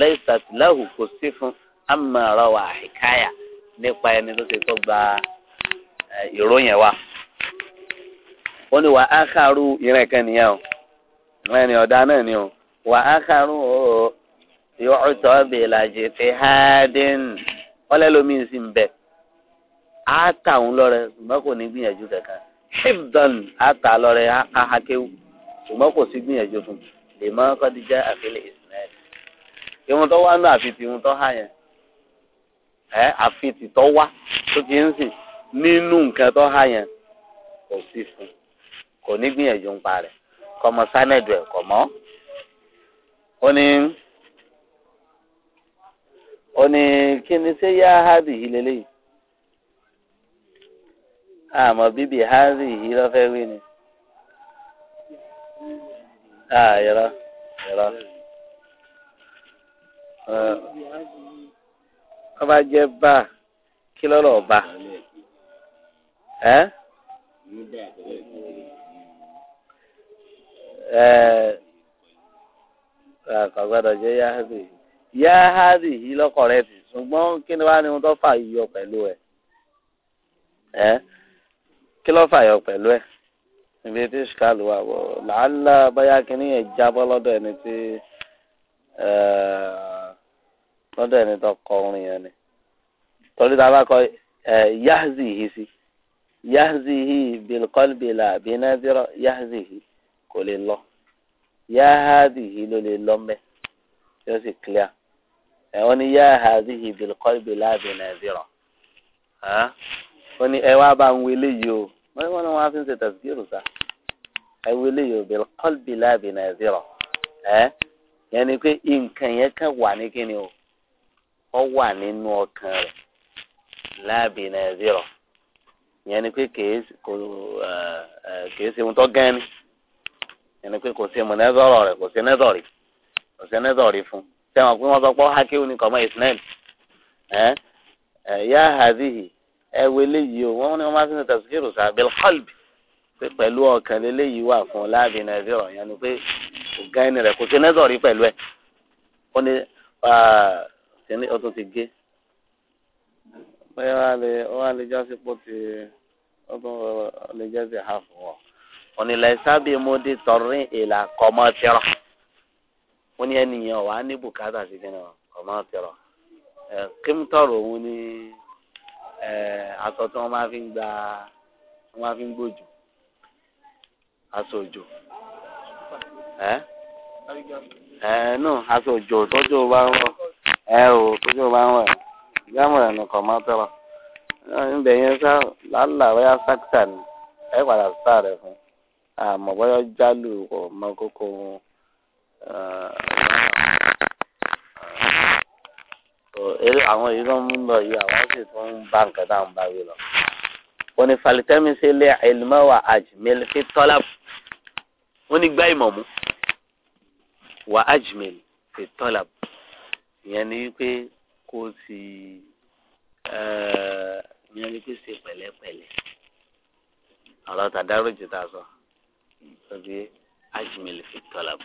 laysat lahu kò sí fún amara wa hikaya nípa ẹni tó ṣe tó gba ìró yẹn wà. ó ní wà á kàrú ìrìn kan nìyẹn o ìrìn ni ọ̀dà náà ni o wà á kàrú o yóò tọ́ bí làjì fi hádìn ọlẹ́lómi sì ń bẹ̀ á tà òun lọ́rẹ̀ ṣùgbọ́n kò ní gbìyànjú kankan ṣíbdọ̀n á tà lọ́rẹ̀ á hakéwù ṣùgbọ́n kò sí gbìyànjú fún lè kọ́díjà àfẹ́lẹ́ ìsìnẹ́ẹ̀lì ìwọ̀n tó wá náà àfi ti ìwọ̀n tó hà yẹn ẹ̀ àfi ti tọ́ wá tó ti ń sìn nínú nǹkan tó hà yẹn kò sí fún kò ní gbìyànjú ń parẹ́ kọmọ sánẹ̀dù ẹ̀ kọ̀mọ́ ó ní ó ní kí ni ṣé yá hádì yìí lélẹ́yìí àmọ́ bíbí hádì yìí lọ́fẹ́ wí ni yẹrọ yẹrọ ọba jẹ bá kí lọ́rọ̀ ọba. e? kò gbọ́dọ̀ jẹ́ yahadi yahadi ṣùgbọ́n kí ni wàá ní wọn tó fà yọ pẹ̀lú ẹ̀ ẹ́ kí ló fà yọ pẹ̀lú ẹ̀ níbi tí ṣìkàlù wà wọ̀ làálà báyà kínní yẹn jábọ́ lọ́dọ̀ ẹni tí lọ́dọ̀ ẹni tó yẹn yahzihi bilqalbi la binadira yahzihi kò lè lọ yahadihi ló lè lọ mẹ yóò sì clear ẹ wọn ni yahadihi bilqalbi la binadira wọn ni ẹ wá bá ń wele yìí o wọn ni wọn fi ń ṣe tẹsíkìrù sa ẹ wele yìí o bilqalbi la binadira ẹ yẹn ni pé nǹkan yẹn kan wà ní kíni o ọ n'inu nínú ọkàn rẹ la ìyẹn ni pé kìí kò kìí ṣe ohun tó gán ni ìyẹn ni pé kò ṣe mọ̀nẹ́sọ̀rọ̀ rẹ̀ kò ṣe nẹ́sọ̀rì kò ṣe nẹ́sọ̀rì fún sẹ́wọ̀n pé wọ́n sọ pé hákíw ni kọ̀mọ́ ìsìnẹ́ẹ̀lì ẹ̀ yá hàzíhì ẹ wo eléyìí o wọ́n ní wọ́n máa ń sìn tẹ̀síkìrù sá bẹ́ẹ̀ kọ́lbì pé pẹ̀lú ọkàn lélẹ́yìí wà fún láàbì nàìjíríà ìyẹn ni pé kò gán ni rẹ̀ kò ṣe nẹ́sọ̀rì pẹ̀lú ẹ̀ ó ní ọtún ti gé bóyá wà lè jásí pọ̀ ti ọlẹ jẹ bi ha fún ọ ọnilẹ sábẹ mọdé tọrin ìlà kọmọ tẹrọ wọn ni ẹnìyẹn wà á ní bùkátà sí kí ni kọmọ tẹrọ ẹ kíntọrọ òun ni ẹ aṣọ tí wọn máa fi ń gba wọn máa fi ń gbòjò aṣọ òjò ẹ ẹ nù aṣọ òjò tọjú bá ń wọ ẹ o tọjú bá ń wọ gámọ ẹ nìkan máa tẹrọ ǹbẹ̀ yẹn sá làálàá wáyà sákítà ni ẹ padà sá rẹ fún àmọ́ bọ́yọ́ jálù kò mọ kókó wọn. àwọn èyí tó ń lọ yìí àwọn sì tún ń bá nǹkan tá à ń bá yìí lọ. wọ́n ní falitẹ́mi ṣe lé ẹlẹ́mọ̀wá àjùmẹ́lì fi tọ́lá wọ́n ní gbá ìmọ̀ mú wà àjùmẹ́lì fi tọ́lá ìyẹn ni wípé kó o sì ìyẹn ni pé ṣe pẹ̀lẹ́pẹ̀lẹ́ ọ̀rọ̀ tàdárò jù tá a sọ lóbi ajimil fi tọ́lab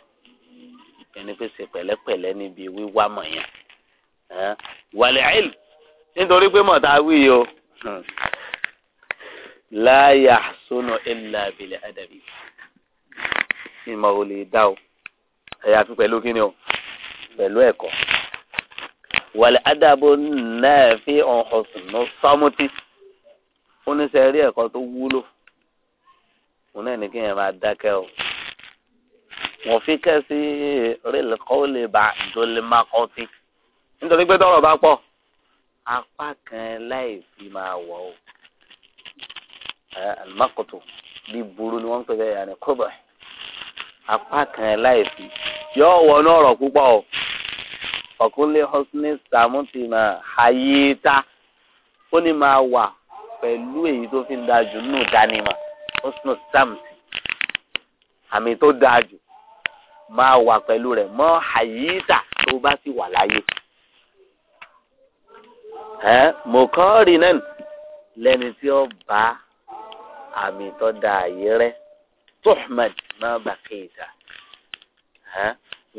ìyẹn ni pé ṣe pẹ̀lẹ́pẹ̀lẹ́ níbi wíwá mọ̀ yẹn wàlẹ̀ ẹ̀l nítorí pé mọ̀ tá a wí yìí o láyà sọnà ẹ̀là abilẹ̀ àdàbí ìmọ̀ ò lè dá o ẹ̀yà fi pẹ̀lú kí ni o pẹ̀lú ẹ̀kọ́ wàlẹ̀ ádàbò náà fi ọ̀hún sọ́mùtì oníṣẹ́ rí ẹ̀kọ́ tó wúlò òun náà ní kí yẹn máa dákẹ́ o wọ́n fi kẹ́sí rìlìkọ́ lè bá jolimakọ́tì nítorí pé tọrọ bá pọ̀ apá kan láì fi máa wọ̀ o alimakoto bí burú ni wọ́n pè é yàrá kóbọ̀ apá kan láì fi yọ ọ̀wọ́ náà rọ̀ púpọ̀ o ọ̀kúnlé hosni samutima hayita ó ní máa wà pẹ̀lú èyí tó fi ń da jù nínú ìdánimọ̀ hosni samti àmì tó da jù máa wà pẹ̀lú rẹ̀ mọ́ hayita tó bá sì wà láyé. mọ̀kọ́rì náà lẹ́ni tí ó bá àmì tó da àyè rẹ̀ tuhmed má bàkìtà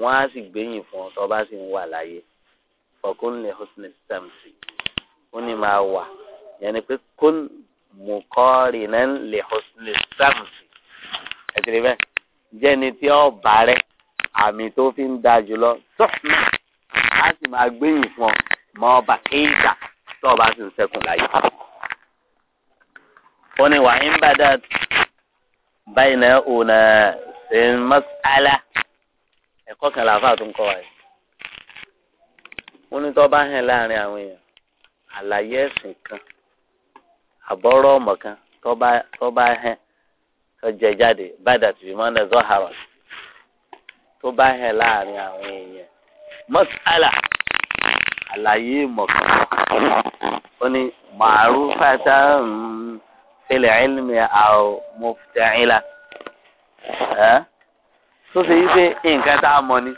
wọ́n á sì gbẹ̀yìn fún ọ tó bá sì ń wà láyé fọkún ní hosni stamsi ó ní máa wà yẹn ni pé kún mukọ́rì náà lè hosni stamsi ẹ̀sìn bẹ́ẹ̀ jẹ́ni tí ó bá rẹ̀ àmì tó fi ń da jùlọ sọ́ọ̀nà á sì máa gbẹ̀yìn fún ọ mọ́ ọba kéńtà tó sì ń sẹ́kùn láyé. ó ní wàá báyìí náà ò náà ṣe ń mọ́sálà ẹ̀kọ́ kan làáfà tó ń kọ́ wa yìí wọ́n ní tó bá hàn láàrin àwọn èèyàn àlàyé ẹ̀sìn kan àbọ̀rọ̀ ọmọ kan tó bá tó bá hàn tó jẹ jáde bàdà tìbí mọ́nà zọ́hàrọ̀ tó bá hàn láàrin àwọn èèyàn mọ́sálà àlàyé ìmọ̀ ó ní màrúfàtà fil ilmi aw mufta'ila tó ṣe yí pé nǹkan tá a mọ̀ ni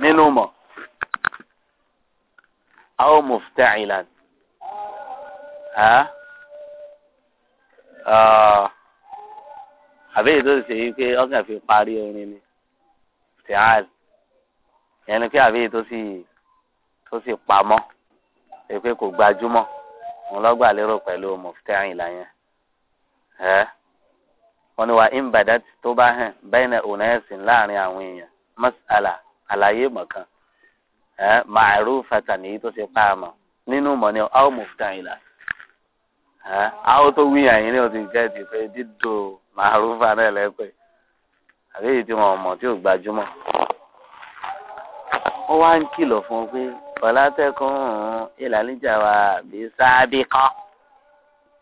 nínú mọ̀ aw mufta'ilan àbẹ́yẹ tó ṣe yí pé ọkàn fi parí orin ni fìhàn yẹn ni pé àbẹ́yẹ tó sì tó sì pamọ́ èpè kò gbajúmọ̀ òun lọ́gbà lérò pẹ̀lú mufta'ilan yẹn. wani wa in badat to ba hin bayna unasin laarin awon eyan masala alaye makan eh ma'rufatan yi to se pa ninu mo ni aw muftaila eh aw to wi yan ni o ti je dido ma'rufa na le pe abi ti mo mo ti o gbajumo o wa n kilo fun pe ọlátẹkùn ìlàlíjà wa bí sábì kan.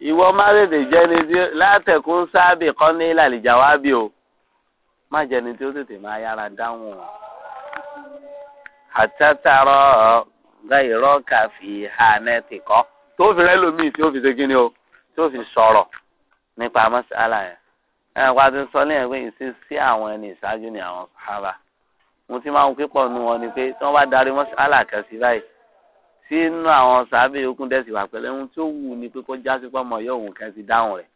ìwọ má tètè jẹni tí látẹkùn sábì kan ní ìlàlìjà wá bí o má jẹni tí ó tètè máa yára dáhùn o àtàtàrọ gáìrọ kàfí hànẹtì kọ tó fi rẹ lómi tí ó fi ṣe kíni o tí ó fi sọ̀rọ̀ nípa mọ́sálà yẹn ẹ wá ti sọ ní ẹgbẹ́ yìí àwọn ẹni ìṣáájú ni àwọn sábà mo ti máa ń pípọ̀ nu wọn ni pé tí wọ́n bá darí mọ́sálà kẹsí báyìí tí inú àwọn sábẹ́ okùn dẹ́sì wà pẹ̀lú ohun tí ó wù ní pé kó jásí pọ́mọ yóò wù kẹ́ ti dáhùn rẹ̀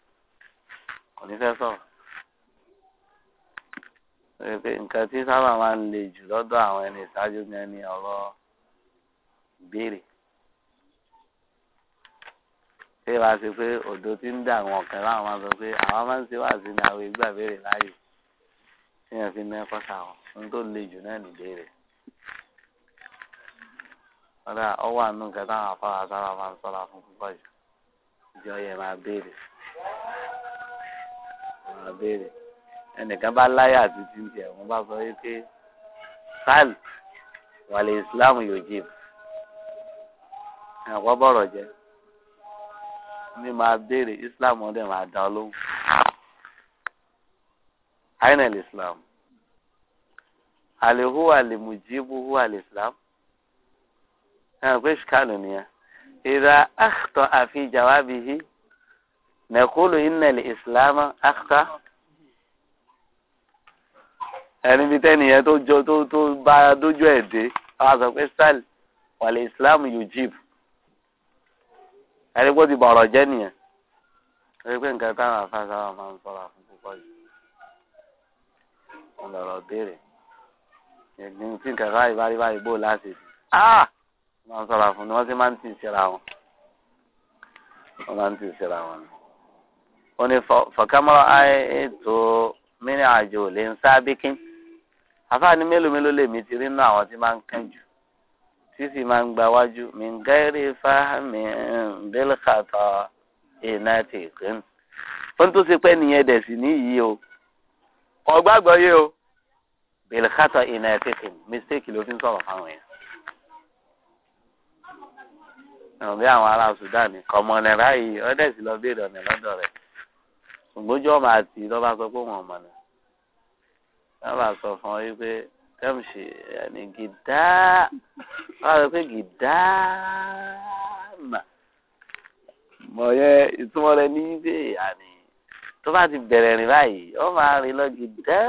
kò ní fẹ́ sọ̀rọ̀ pé nǹkan tí sábà máa ń le jù lọ́dọ̀ àwọn ẹni ìṣáájú ni ẹni ọ̀rọ̀ ìbéèrè ṣé wàá ṣe pé òdo ti ń dà wọn kan láwọn máa sọ pé àwọn máa ń ṣe wàá sí ní àwọn ìgbà béèrè láàyè tí wọn fi mẹ́kọ́ sáwọn ohun tó le jù náà nìbéèrè ọ̀dà ọwọ́ àánú nǹkan táwọn afárá sábà máa ń sọ́ra fún púpọ̀ jù ìjọ yẹn máa béèrè máa béèrè ẹnìkan bá láyà àti tìǹtì ẹ̀wọ̀n bá sọ wípé sal wàlẹ̀ islam yóò jìb ẹ̀kọ́ bọ̀rọ̀ jẹ́ ní máa béèrè islam ọdẹ máa dá ọ lóhùn ainel islam alihu alimujibu hu alislam pé ṣìkàlù nìyẹn ìdá àkùtọ̀ àfi jàwábi yìí nàkúlù ìnàlẹ̀ ìsìlámù àkùtọ̀ ẹni bíi tẹ́nìyẹn tó jọ tó tó bá dójú ẹ̀ dé àwọn sọ pé sal wàlẹ̀ ìsìlámù yóò jìbù ẹni gbọ́dọ̀ bọ̀rọ̀ jẹ́ nìyẹn ẹni pé nǹkan táwọn afáàsá wà máa ń sọ̀rọ̀ fún púpọ̀ yìí wọn lọ̀rọ̀ béèrè ẹ̀gbìn tí nǹkan káyìí bá rí láti fi máa ń sọ̀rọ̀ àfún ni wọ́n sì máa ń tì síra wọn wọ́n máa ń tì síra wọn. ó ní fọ̀kámọ́rọ́ ètò mìíràn àjò lè ń sábíkín àfáàní mélòó mélòó lèmi ti rí nínú àwọn tí máa ń kánjú tí sì máa ń gba wájú mìngẹ́rì fáhámì bílkàtọ̀ ìnáàtì ìpín. ó ń tó ṣe pé nìyẹn dẹ̀ sí níyì o ọgbàgbọ́ yé o bílkàtọ̀ ìnáàtì ìpín mistake ló fi ń sọ̀rọ̀ fáwọn ẹ̀rùn bí àwọn ará Sudan ní kọ́mọ́nẹ báyìí ọ́dẹ̀sì lọ béèrè ọ̀nà lọ́dọ̀ rẹ̀ ògbójú ọmọ àti lọ́ba sọ pé wọn ọ̀mọ̀nà lọ́ba sọ fún ọ wípé tẹ́mùsì ẹni gìdá wọ́n sọ pé gìdá mà mọ̀ yẹ ìtumọ̀ rẹ ní bíi àní tó bá ti bẹ̀rẹ̀ rìn báyìí ó máa rìn lọ gìdá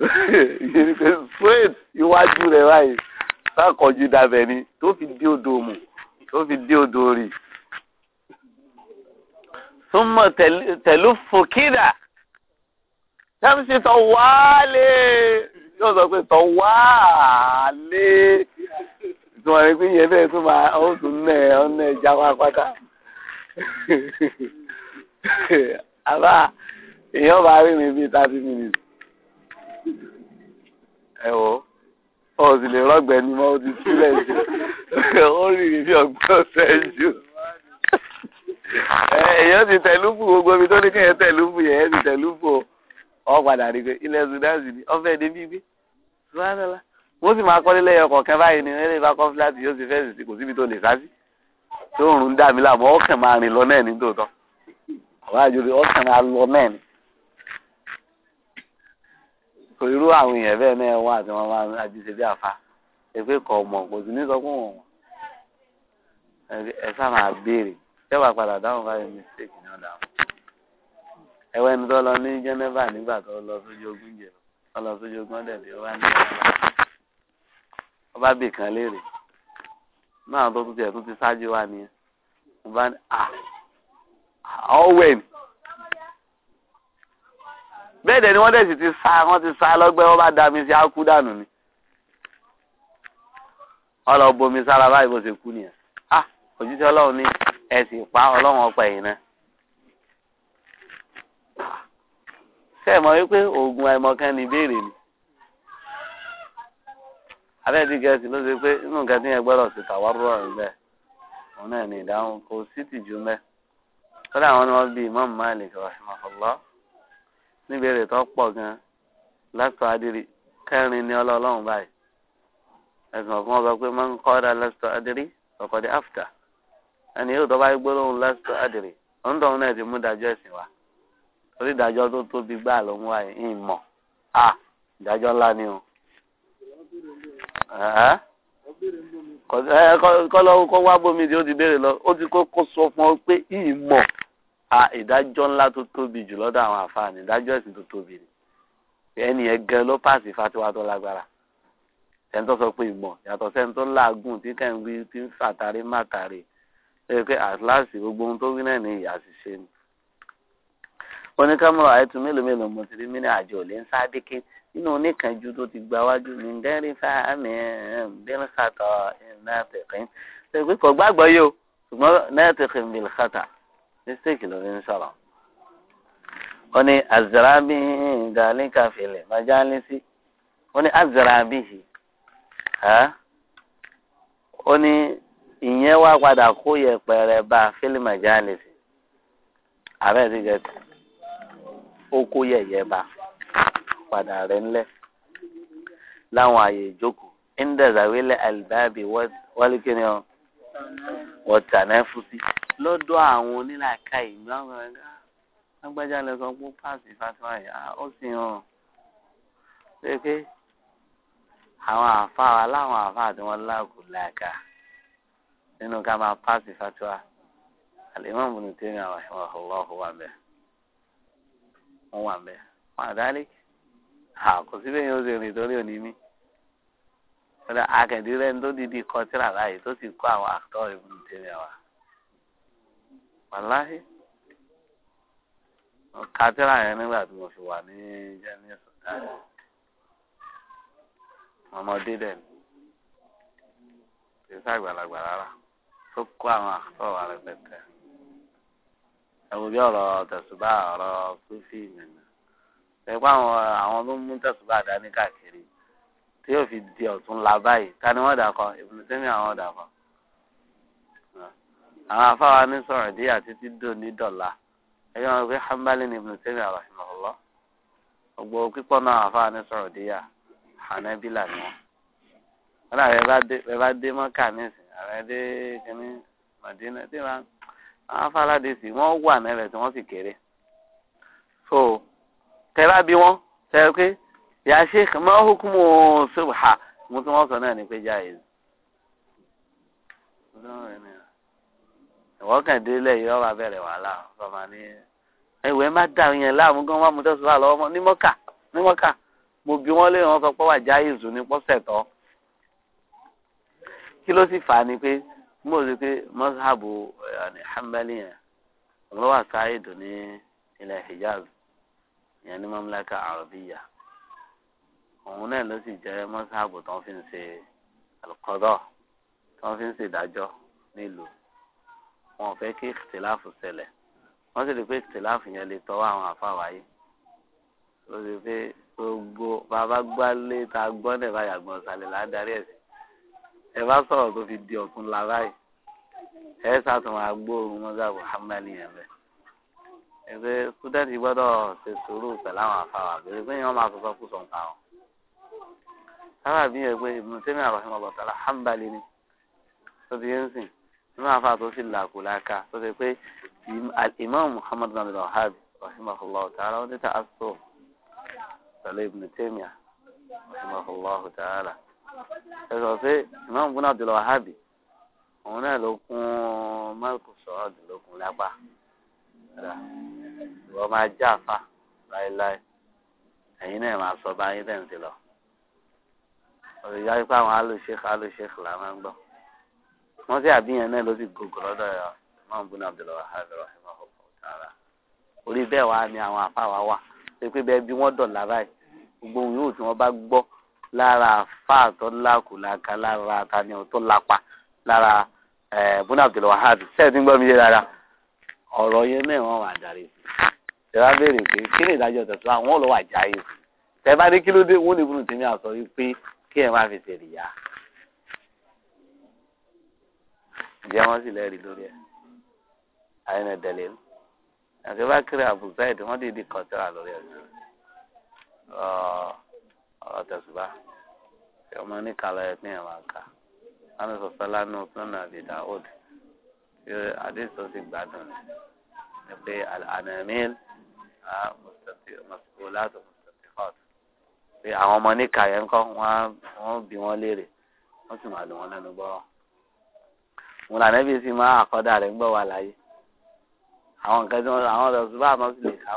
yìí ni pé straight iwájú rẹ̀ báyìí sákọ̀jú dabẹ̀ ni tó fi dé odò mu tó fi dé odò rì. súnmọ́ tẹ̀lú fòkìdà tẹ́mísì tọ̀ wáálé yóò sọ pé tọ̀ wáálé ìtumọ̀ rẹ̀ pé ìyẹn bẹ́ẹ̀ tún máa ó tún nẹ̀ ọ́ nẹ̀ jáwá pátá àbá èèyàn bá rí mi bíi thirty minutes ẹ wò ó ọ̀sì lè rọ́gbẹ́ ni mo ti sílẹ̀ jù ó rìnrìn bí ọgbọ́n sẹ́jù èèyàn ti tẹ̀lúfù gbogbo ibi tó ní kéèyàn tẹ̀lúfù yẹn ti tẹ̀lúfù ọ padà rí pé ilẹ̀ Sudan sì ni ọ̀fẹ́ débi gbé Subhanallah wọ́n sì máa kọ́lé lẹ́yìn ọkọ̀ kẹfà yìí ni wọ́n lè bá kọ́ fúláàtì yóò sì fẹ́ sì kò síbi tó lè sá sí tó ń rún dàmí làbọ̀ ọ̀kẹ́ máa rìn lọ náà ní tòótọ́ ọ̀rọ̀ àjòyè ọ̀kẹ́ máa lọ náà ní so irú àwọn èèyàn bẹ́ẹ̀ náà wà tí wọ́n máa ń ajíṣe bí àfa ẹgbẹ́ kọ̀ mọ̀ kò sí ní sọ fún wọn ẹ sáà máa béèrè tẹ́wàá padà dáhùn báyìí mistake ní ọ̀dà wọn. ẹ̀wọ́ ẹni tó lọ ní Geneva nígbà tó lọ sójú ogun jẹ lọ lọ sójú ogun ọ̀dẹ̀ tí ó bá ní ìyàrá ọba bì kan léèrè náà tó tún tiẹ̀ tún ti ṣáájú wa nìyẹn ọba ní ah ọ̀wẹ̀ ah, bẹ́ẹ̀ dẹ̀ ni wọ́n dẹ̀ ti sá wọ́n ti sá lọ́gbẹ́ wọ́n bá da mi sí dànù ni wọ́n bomi sára báyìí bó ṣe kú nìyẹn ah òjíṣẹ́ ọlọ́run ní ẹ pa ọlọ́run ọ̀pẹ yìí náà ṣé mọ̀ wípé oògùn àìmọ̀kan ìbéèrè ni abẹ́ẹ̀dì gẹ̀ẹ́sì ló ṣe pé inú nǹkan tí yẹn gbọ́dọ̀ sì tàwárọ̀ rẹ̀ bẹ́ẹ̀ òun náà ní ìdáhùn kò sí tìjú mẹ́ àwọn ni wọ́n bí Imam níbi èrè tó pọ̀ gan lásìkò adìrí kẹrin ni ọlọ́ọ̀lọ́hún báyìí ẹ̀sìn ọ̀kan ọba pé máa ń kọ́ lásìkò adìrí ọ̀kọ́ di áfítà ẹni yóò tọ́ba gbólóhùn lásìkò adìrí ọ̀ńdọ̀hún náà ti mú ìdájọ́ ẹ̀sìn wa torí ìdájọ́ tó tóbi gbáà ló ń ń mọ̀ ńlá ni o. kọ́ lọ́wọ́ kọ́ wá bómi tí ó ti béèrè lọ ó ti kó sọ fún ọ pé a ìdájọ́ ńlá tó tóbi jù lọ́dọ̀ àwọn àfààní ìdájọ́ ẹ̀sìn tó tóbi ni ẹni yẹn gan ló pàṣẹ fatiwa tó lágbára ẹni tó sọ pé ìmọ̀ yàtọ̀ sẹ́ni tó láàgùn tí kàn wí tí ń fàtàrí màtàrí ẹ pé àtìláàsì gbogbo ohun tó wí náà ní àṣìṣe ni. oníkàmúrò àìtún mélòó mélòó mo ti rí mí ní àjọ òlé ń sádékè nínú oníkanjú tó ti gba wájú ní gẹ́rí fáàmì bílkàtà náà tẹ̀kín ṣe pé kò gbàgbọ́ yìí o ṣùgbọ́n náà tẹ̀kín bílkàtà mistake lórí ń sọ̀rọ̀ ó ní azarabihi dalika fìlẹ̀ majalisi ó ní azarabihi ó ní ìyẹn wá padà kó yẹpẹrẹ bá fílì majalisi ààrẹ ti jẹ tì ó kó yẹyẹ bá padà rẹ ńlẹ láwọn àyè ìjókòó ń dẹ̀zàwílẹ̀ àlìbáàbí wọ́líkìnìún wọ́tà náà fún sí lọ́dọ̀ àwọn onílàkà ìlú àwọn ẹ̀dá lágbájá sọ pé páàsì fatiwa yìí ó sì hàn pé àwọn àfáà aláwọn àfáà tí wọ́n láàgùn làkà nínú ká máa páàsì fatiwa àlèmọ́ múni tí ní àwọn ìwà ọlọ́ọ̀hún wà bẹ́ẹ̀ wọ́n wà bẹ́ẹ̀ wọ́n àdálé kò sí bẹ́ẹ̀ yóò ṣe rìn torí òní mi akẹ́dí rẹ̀ ń tó dìdí kọtíra láàyè tó sì kó àwọn àtọ́ ìbùnú wa wàláhì kátírà yẹn nígbà tí mo fi wà ní jẹni sudan ọmọdé dẹ ni kì í rárá tó kó àwọn àkọ́kọ́ wa rẹpẹtẹ ẹwù bí ọ̀rọ̀ tẹ̀sùbá ọ̀rọ̀ fífi ìmìnà ẹgbẹ́ àwọn àwọn ló ń mú tẹ̀sùbá dání káàkiri tí yóò fi di ọ̀tún la báyìí ta ni wọ́n dà kọ ìbùnú sẹ́mi àwọn dà kọ àwọn afáwa ní sọ̀rọ̀ díẹ̀ àti ti dò ní dọ̀la ẹ̀yọ́ wọn pé hanbali ní ibùdó tẹ́lẹ̀ àràfimọ̀lọ́ ọgbọ̀ pípọ̀ náà afáwa ní sọ̀rọ̀ díẹ̀ hanabila ni wọn. wọn náà bẹ bá dé mọ́kà nísìn ààrẹ dé kínní màdínà tí wọn àwọn afáwa dé sí wọn wà nílẹ̀ tí wọ́n sì kéré. so tẹ́lá bí wọ́n tẹ́lá pé yàá ṣe máa hukumu subha mo tún wọ́n sọ náà ní pé jáde ìwọ́n kàn délé yìí ọba bẹ̀rẹ̀ wàhálà bàbá ní ẹ̀wẹ̀ má dà yẹn láàmú gan wà mú tẹ̀sán wà lọ́wọ́ ní mọ́kà ní mọ́kà mo bí wọ́n lé wọn sọ pé wà já ìzù ní pọ́sẹ̀ tọ́ kí ló sì fà á ni pé mo rí i pé mọ́sáàbù eh, hambali yẹn òun wà sáyé ní ilẹ̀ Hijaz ìyẹn ní mamlaka arabiya òun náà ló sì jẹ́ mọ́sáàbù tó ń fi ń ṣe alukọ́dọ̀ tó ń fi ń ṣe nílùú wọn ò fẹ́ kí ìtìláàfù ṣẹlẹ̀ wọ́n sì rí i pé ìtìláàfù yẹn lè tọ́wọ́ àwọn àfáwà yìí ó sì pé gbogbo bàbá gbálé ta gbọ́n náà báyà gbọ́n sálẹ̀ là ń darí ẹ̀ sí ẹ bá sọ̀rọ̀ tó fi di ọ̀tún la báyìí ẹ sàtún máa gbóòórùn mọ́sá Muhammad yẹn bẹ́ẹ̀ ẹ pé sùdẹ́ǹtì gbọ́dọ̀ ṣe sùúrù pẹ̀lú àwọn àfáwà pẹ̀lú pé wọ́n máa sọ kúsọ̀ wọn. sábà yẹn pé Ibn Taymiyyah bọ̀tà nínú àfa tó sì làkù láka tó ṣe pé imam muhammad bin abdul wahab rahimahullah ta'ala wọn níta aso pẹ̀lú ibn taymiya rahimahullah ta'ala ẹ sọ pé imam bin abdul wahab òun náà ló kún mẹ́kù sọ́ọ́ dì ló kún lápá ìwọ máa já àfa láéláé ẹ̀yin náà máa sọ báyìí tẹ̀ ń ti lọ òrìyá ipá àwọn alùsèkè alùsèkè là máa ń gbọ́ wọ́n sì àbíyàn náà ló sì gògò lọ́dọ̀ ẹ̀ máa ń bú náà Abdul Wahhab rahimahullah ta'ala orí bẹ́ẹ̀ wá ni àwọn àfáà wà pé bẹ́ẹ̀ bí wọ́n dọ̀là báyìí gbogbo ohun yóò tí wọ́n bá gbọ́ lára àfáà tó lákù láka lára tani tó lápa lára bú náà Abdul Wahhab gbọ́ mi yé rárá ọ̀rọ̀ yẹn náà wọ́n wà darí ìjọba béèrè pé kí ni ìdájọ́ tẹ̀sán àwọn ò lọ́wọ́ àjáyé tẹ̀ bá dé kí ló dé ní ǹjẹ́ wọ́n sì lẹ́rìí lórí ẹ̀ àyìnà dẹ̀lẹ́ àti bá kiri àbùsáìdì wọ́n dìde kọ̀tẹ́rà lórí ẹ̀ ọ̀rọ̀ tẹ̀sùbá ọmọ oníkàlọ́ ẹ̀ ní ẹ̀wọ̀n àká wọn sọ sọlá nù sọ́nà àbìdá òd tí àdéhùn sì gbádùn ni pé ànàmíl mọ̀sùlùmí pé àwọn ọmọ oníkà yẹn ń bí wọ́n léèrè wọ́n sì máa lò wọ́n lẹ́nu gbọ́rọ̀ mo là nẹ́bí sí máa àkọ́dà rẹ̀ gbọ́ wà láyé àwọn nǹkan tí wọ́n àwọn ọ̀dọ̀ ṣùgbọ́n àmọ́ sì lè ká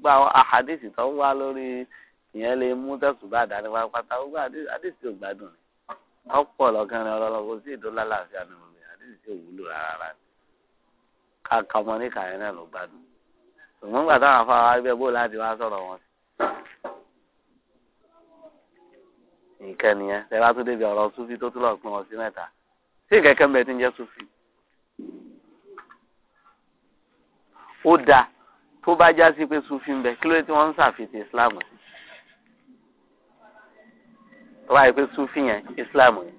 gba àhádìsì tó wá lórí ìyẹn lè mú tẹ̀sùbá dání wá pátá gbogbo àdìsì tí ò gbádùn rẹ̀ ọ̀pọ̀ lọ́kànrin ọlọ́lọ́kọ sí ìdólá làásì àdìmọ̀ rẹ̀ àdìsì tí ò wúlò rárá rárá kàkà ọmọ ní kàyẹn náà ló gbádùn ṣùgbọ́n gbàtà àwọn afárá ẹgbẹ́ bó láti wá sọ̀rọ̀ wọn sí. nǹkan tẹ́lá tó débi ọ̀rọ̀ súfì tó tún pín wọn sí mẹ́ta tí nǹkan kan bẹ̀ ti ń jẹ́ sufi. ó da tó bá já sí pé sufi ń bẹ kí ló dé tí wọ́n ń ṣàfihàn islam sí. tó bá yẹ pé sufi yẹn islam yẹn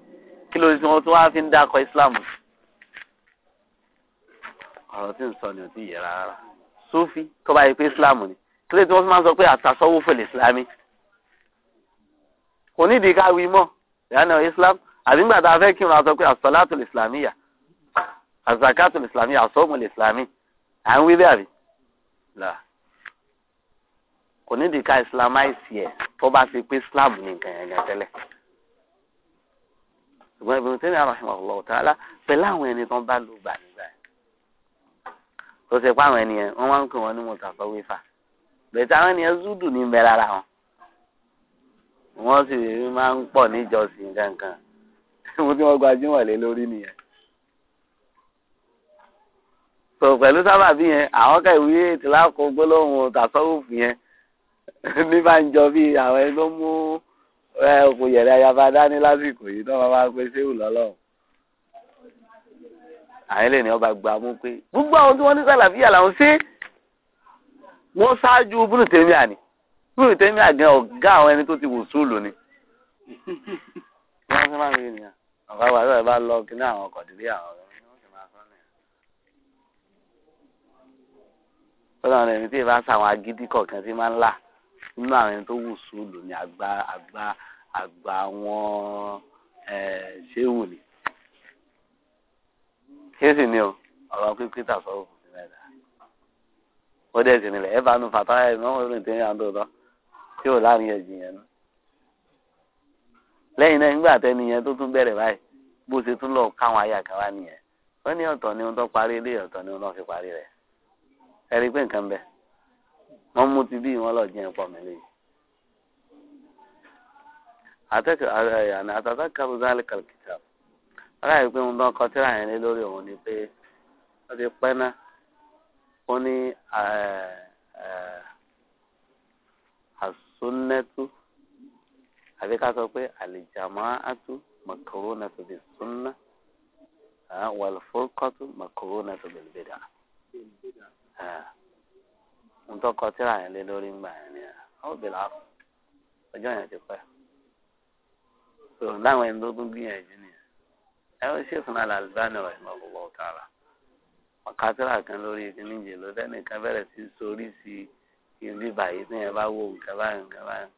kí ló dé tí wọ́n tún wá fi ń dákọ̀ islam sí. ọ̀rọ̀ tí ń sọ ni ò tí ì yẹ rárá sufi tó bá yẹ pé islam ni kí ló dé tí wọ́n tún máa ń sọ pé àtàsọ́wọ́fẹ̀lẹ̀ islámi. kò nídìí ká wí mọ́ ìyá náà islam àbígbà tá a fẹ́ kírun aṣọ pé asọ́látò ìsìlámíyà azakátò ìsìlámíyà asọ́mù ìsìlámí à ń wí bẹ́ẹ̀ rí là kò ní dìka islamize yẹ tó bá ṣe pé islam ní nǹkan yẹn gan tẹ́lẹ̀ ṣùgbọ́n Ibn Taymiyyah rahimahullah ta'ala pẹ̀lú àwọn ẹni tó ń bá lò gbà nígbà tó ṣe pé àwọn ẹni yẹn wọ́n máa ń pè wọ́n ní mutasawifa bẹ̀tẹ̀ àwọn ẹni yẹn zúdù ní bẹ́ẹ̀ wọn wọ́n sì máa ń pọ̀ níjọ́sìn kankan mo ti wọn gbajúmọ̀ lé lórí nìyẹn so pẹ̀lú sábàbí yẹn àwọn kẹ̀wé ètò lákò gbólóhùn tàṣọ́wùfù yẹn ní bá ń jọ bí àwọn ẹni tó mú òkú yẹ̀rẹ̀ ayaba dání lásìkò yìí tó máa máa pe séwù lọ́lọ́run àwọn eléyìí ọba gba mú pé gbogbo àwọn tí wọ́n ní sàlàfíà làwọn ṣe wọ́n ṣáájú búrú tèmíà ni búrú gan ọ̀gá àwọn ẹni tó ti wò sóòlù ni. àwọn àwọn àlọ́ bá lọ kí ní àwọn ọkọ̀ dìbí àwọn ọ̀rọ̀ ní wọ́n máa sọ nìyẹn. ó lọ́nà èmi tí ìbá sàwọn agídí kọ̀ọ̀kan tí máa ń là nínú àwọn ẹni tó wù sùúlù ní àgbà àgbà àgbà wọn ṣéwù ni. kí sì ni o ọ̀rọ̀ pínpín tà sọ́wọ́ kù sí mẹ́ta. ó dẹ̀ sì nílẹ̀ ẹ bá nu fàtàlá ẹ̀ náà ó rìn tí ń yàn tó tọ́ tí ò láàrin ẹ̀jìn yẹn náà. lẹ́yìn náà nígbà tẹniyẹn tó tún bẹ̀rẹ̀ báyìí bó ṣe tún lọ káwọn ayé àkàwá nìyẹn wọ́n ní ọ̀tọ̀ ni wọ́n tó parí ilé ọ̀tọ̀ ni wọ́n fi parí rẹ̀ ẹ pé nǹkan bẹ wọ́n mú ti wọ́n lọ jẹun pọ̀ mí lé àtẹ̀kẹ́ àtàtà kàrúzálì kàlùkìtà ara yìí pé ni pé wọ́n ti pẹ́ ná ní àbí ká sọ pé al-jamā'atu makarūnatu bis-sunnah wal-furqatu makarūnatu bil-bid'ah. ń tọkọ tíra yẹn lé lórí ń gbà yẹn ni àwọn bèèrè àpò ọjọ́ yẹn ti pẹ́. tó láwọn ẹni tó tún gbìyànjú nìyẹn ẹ ó ṣe fún al-Albani rahimahullahu ta'ala ọ̀ka tíra kan lórí ìdíníjì ló dẹ́nìkan bẹ̀rẹ̀ sí sórí sí ibi báyìí tí yẹn bá wò nǹkan báyìí nǹkan báyìí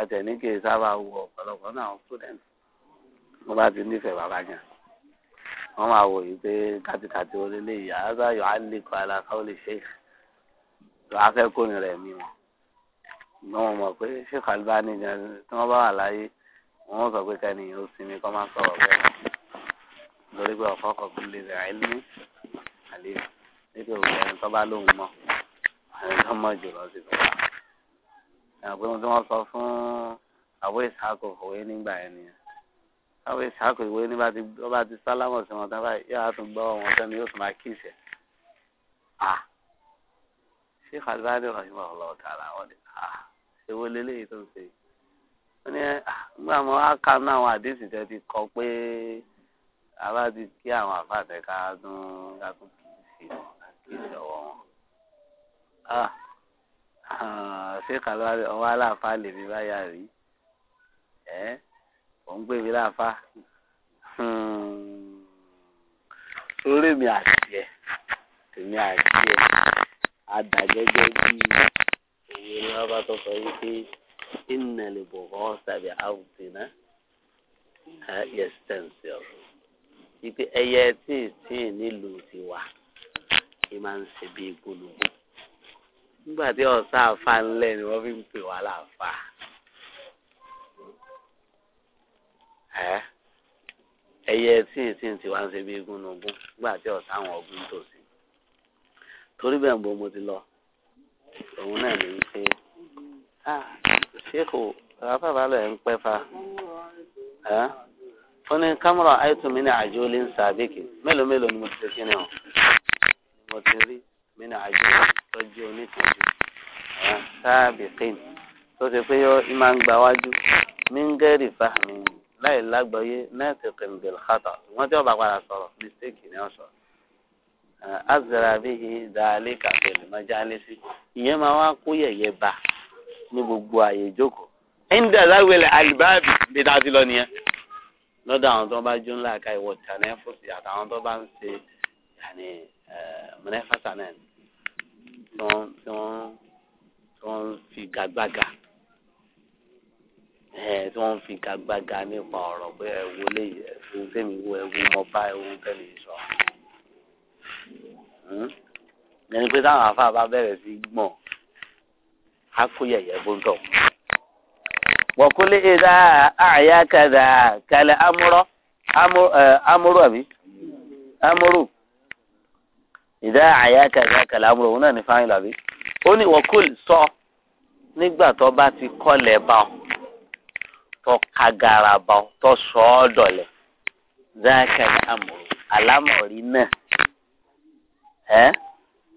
àtẹ̀ní kì í sábà wo ọ̀pọ̀lọpọ̀ náà student wọ́n bá ti nífẹ̀ẹ́ bàbá yẹn wọ́n máa wò yìí pé kàtìkàtì orí lè yà á sá yọ á lè kọ́ alákàwọ́ lè ṣe lọ́ afẹ́kùnrin rẹ̀ mi wọn. wọ́n mọ̀ pé ṣé kàlùbá ni tí wọ́n bá wà láyé wọ́n sọ pé kẹ́ni ó sinmi kọ́ máa sọ̀rọ̀ bẹ́ẹ̀ lórí pé ọ̀fọ́ kọ̀ kú rẹ̀ ẹ́lú àlè nípa òkè ẹni tó bá lóhùn mọ́ ẹni tó mọ̀ jù sí bàbá àgbẹ̀ ohun tí wọ́n sọ fún àwọ̀ ìsàkó òwe nígbà yẹn nìyẹn àwọ̀ ìsàkó ìwé ní bá ti sálámọ̀ sí wọn tábà yóò tún gbọ́ wọn sẹ́ni yóò tún máa kí ìṣẹ́ à ṣé kàlùbáàdì ọ̀hìn wà lọ́wọ́ tààrà wọn ni ṣé wọ́n lélẹ́yìí tó ń ṣe wọ́n ní nígbà wọn á àwọn àdéhùn tẹ ti kọ pé àbá ti kí àwọn àfàtẹ ká tún ká tún kì í wọn. Ah, ṣé kàlọ́wárí ọwọ́ aláàfá lè mi báyà rí ẹ́ ò ń gbé mi láàfá hmm. orí mi àti ẹ̀ èmi àti ẹ̀ àdà gẹ́gẹ́ bí èyí ni wọ́n bá tó sọ yìí pé iná lè bọ̀ ọ́ sàbí àwùjọ náà yẹsítẹ́ǹsì ọ̀rọ̀ ibi ẹyẹ tí tí nílùú ti wà kí máa ń ṣe bí gbólógbó nígbà tí ọ̀sá àfa ńlẹ̀ ni wọ́n fi ń pè wá láàfa. ẹyẹ tíǹtìǹ tí wọ́n ń ṣe bí egun nùgún nígbà tí ọ̀sá àwọn ọ̀gùn tòsí. torí bẹ́ẹ̀ ń mo ti lọ òun náà ní ṣe ṣéèkù rafa balẹ̀ ń pẹ́ fa ó ní kámẹ́rà àìtùmí ní àjò lè ń sàbíkì mélòó mélòó ni mo ti ṣe kí ni o mo ti rí nínú àjò tó jẹ́ onítìjú àwọn sáàbìkín tó ṣe pé yóò máa ń gba wájú mingeri fahmi láì lágbọ́yé nẹ́ẹ̀tìkìn bilkhata wọ́n tí wọ́n bá padà sọ̀rọ̀ mistake ni wọ́n sọ. azara bihi dalí kàfẹ́lì majalisi ìyẹn máa wá kó yẹ̀yẹ́ bá ní gbogbo àyè ìjókòó. inda zawele alibaabi bí tá a ti lọ nìyẹn lọ́dọ̀ àwọn tó bá jó ńlá ka ìwọ̀ tànẹ́fọ̀sì àtàwọn tó bá ń ṣe mẹ́fàsánẹ́ni tí wọ́n tí wọ́n tí wọ́n fi gàgbàgà ẹ̀ tí wọ́n fi gàgbàgà nípa ọ̀rọ̀ pé ẹ̀wù lè ẹ̀wù tẹ̀mí wo ẹ̀wù mọ̀ bá ẹ̀wù tẹ̀mí sọ. Hmm? ẹni pé táwọn afá bá bẹ̀rẹ̀ sí gbọ̀n á kó yẹ̀yẹ́ bó ń tọ̀. wọ́kúlé ìdá àyà kàdà kàlẹ́ amúrọ́ amúrọ́ àbí amúrò ìdá àyà kàkà kàlámù òun náà ní fáyín làbí ó ní wọ́kùl sọ nígbà tó bá ti kọ́lẹ̀ bá ọ tó kagara bá ọ tó sọ ọ dọ̀lẹ̀ záàkà àmọ̀ àlámọ̀rí náà ẹ́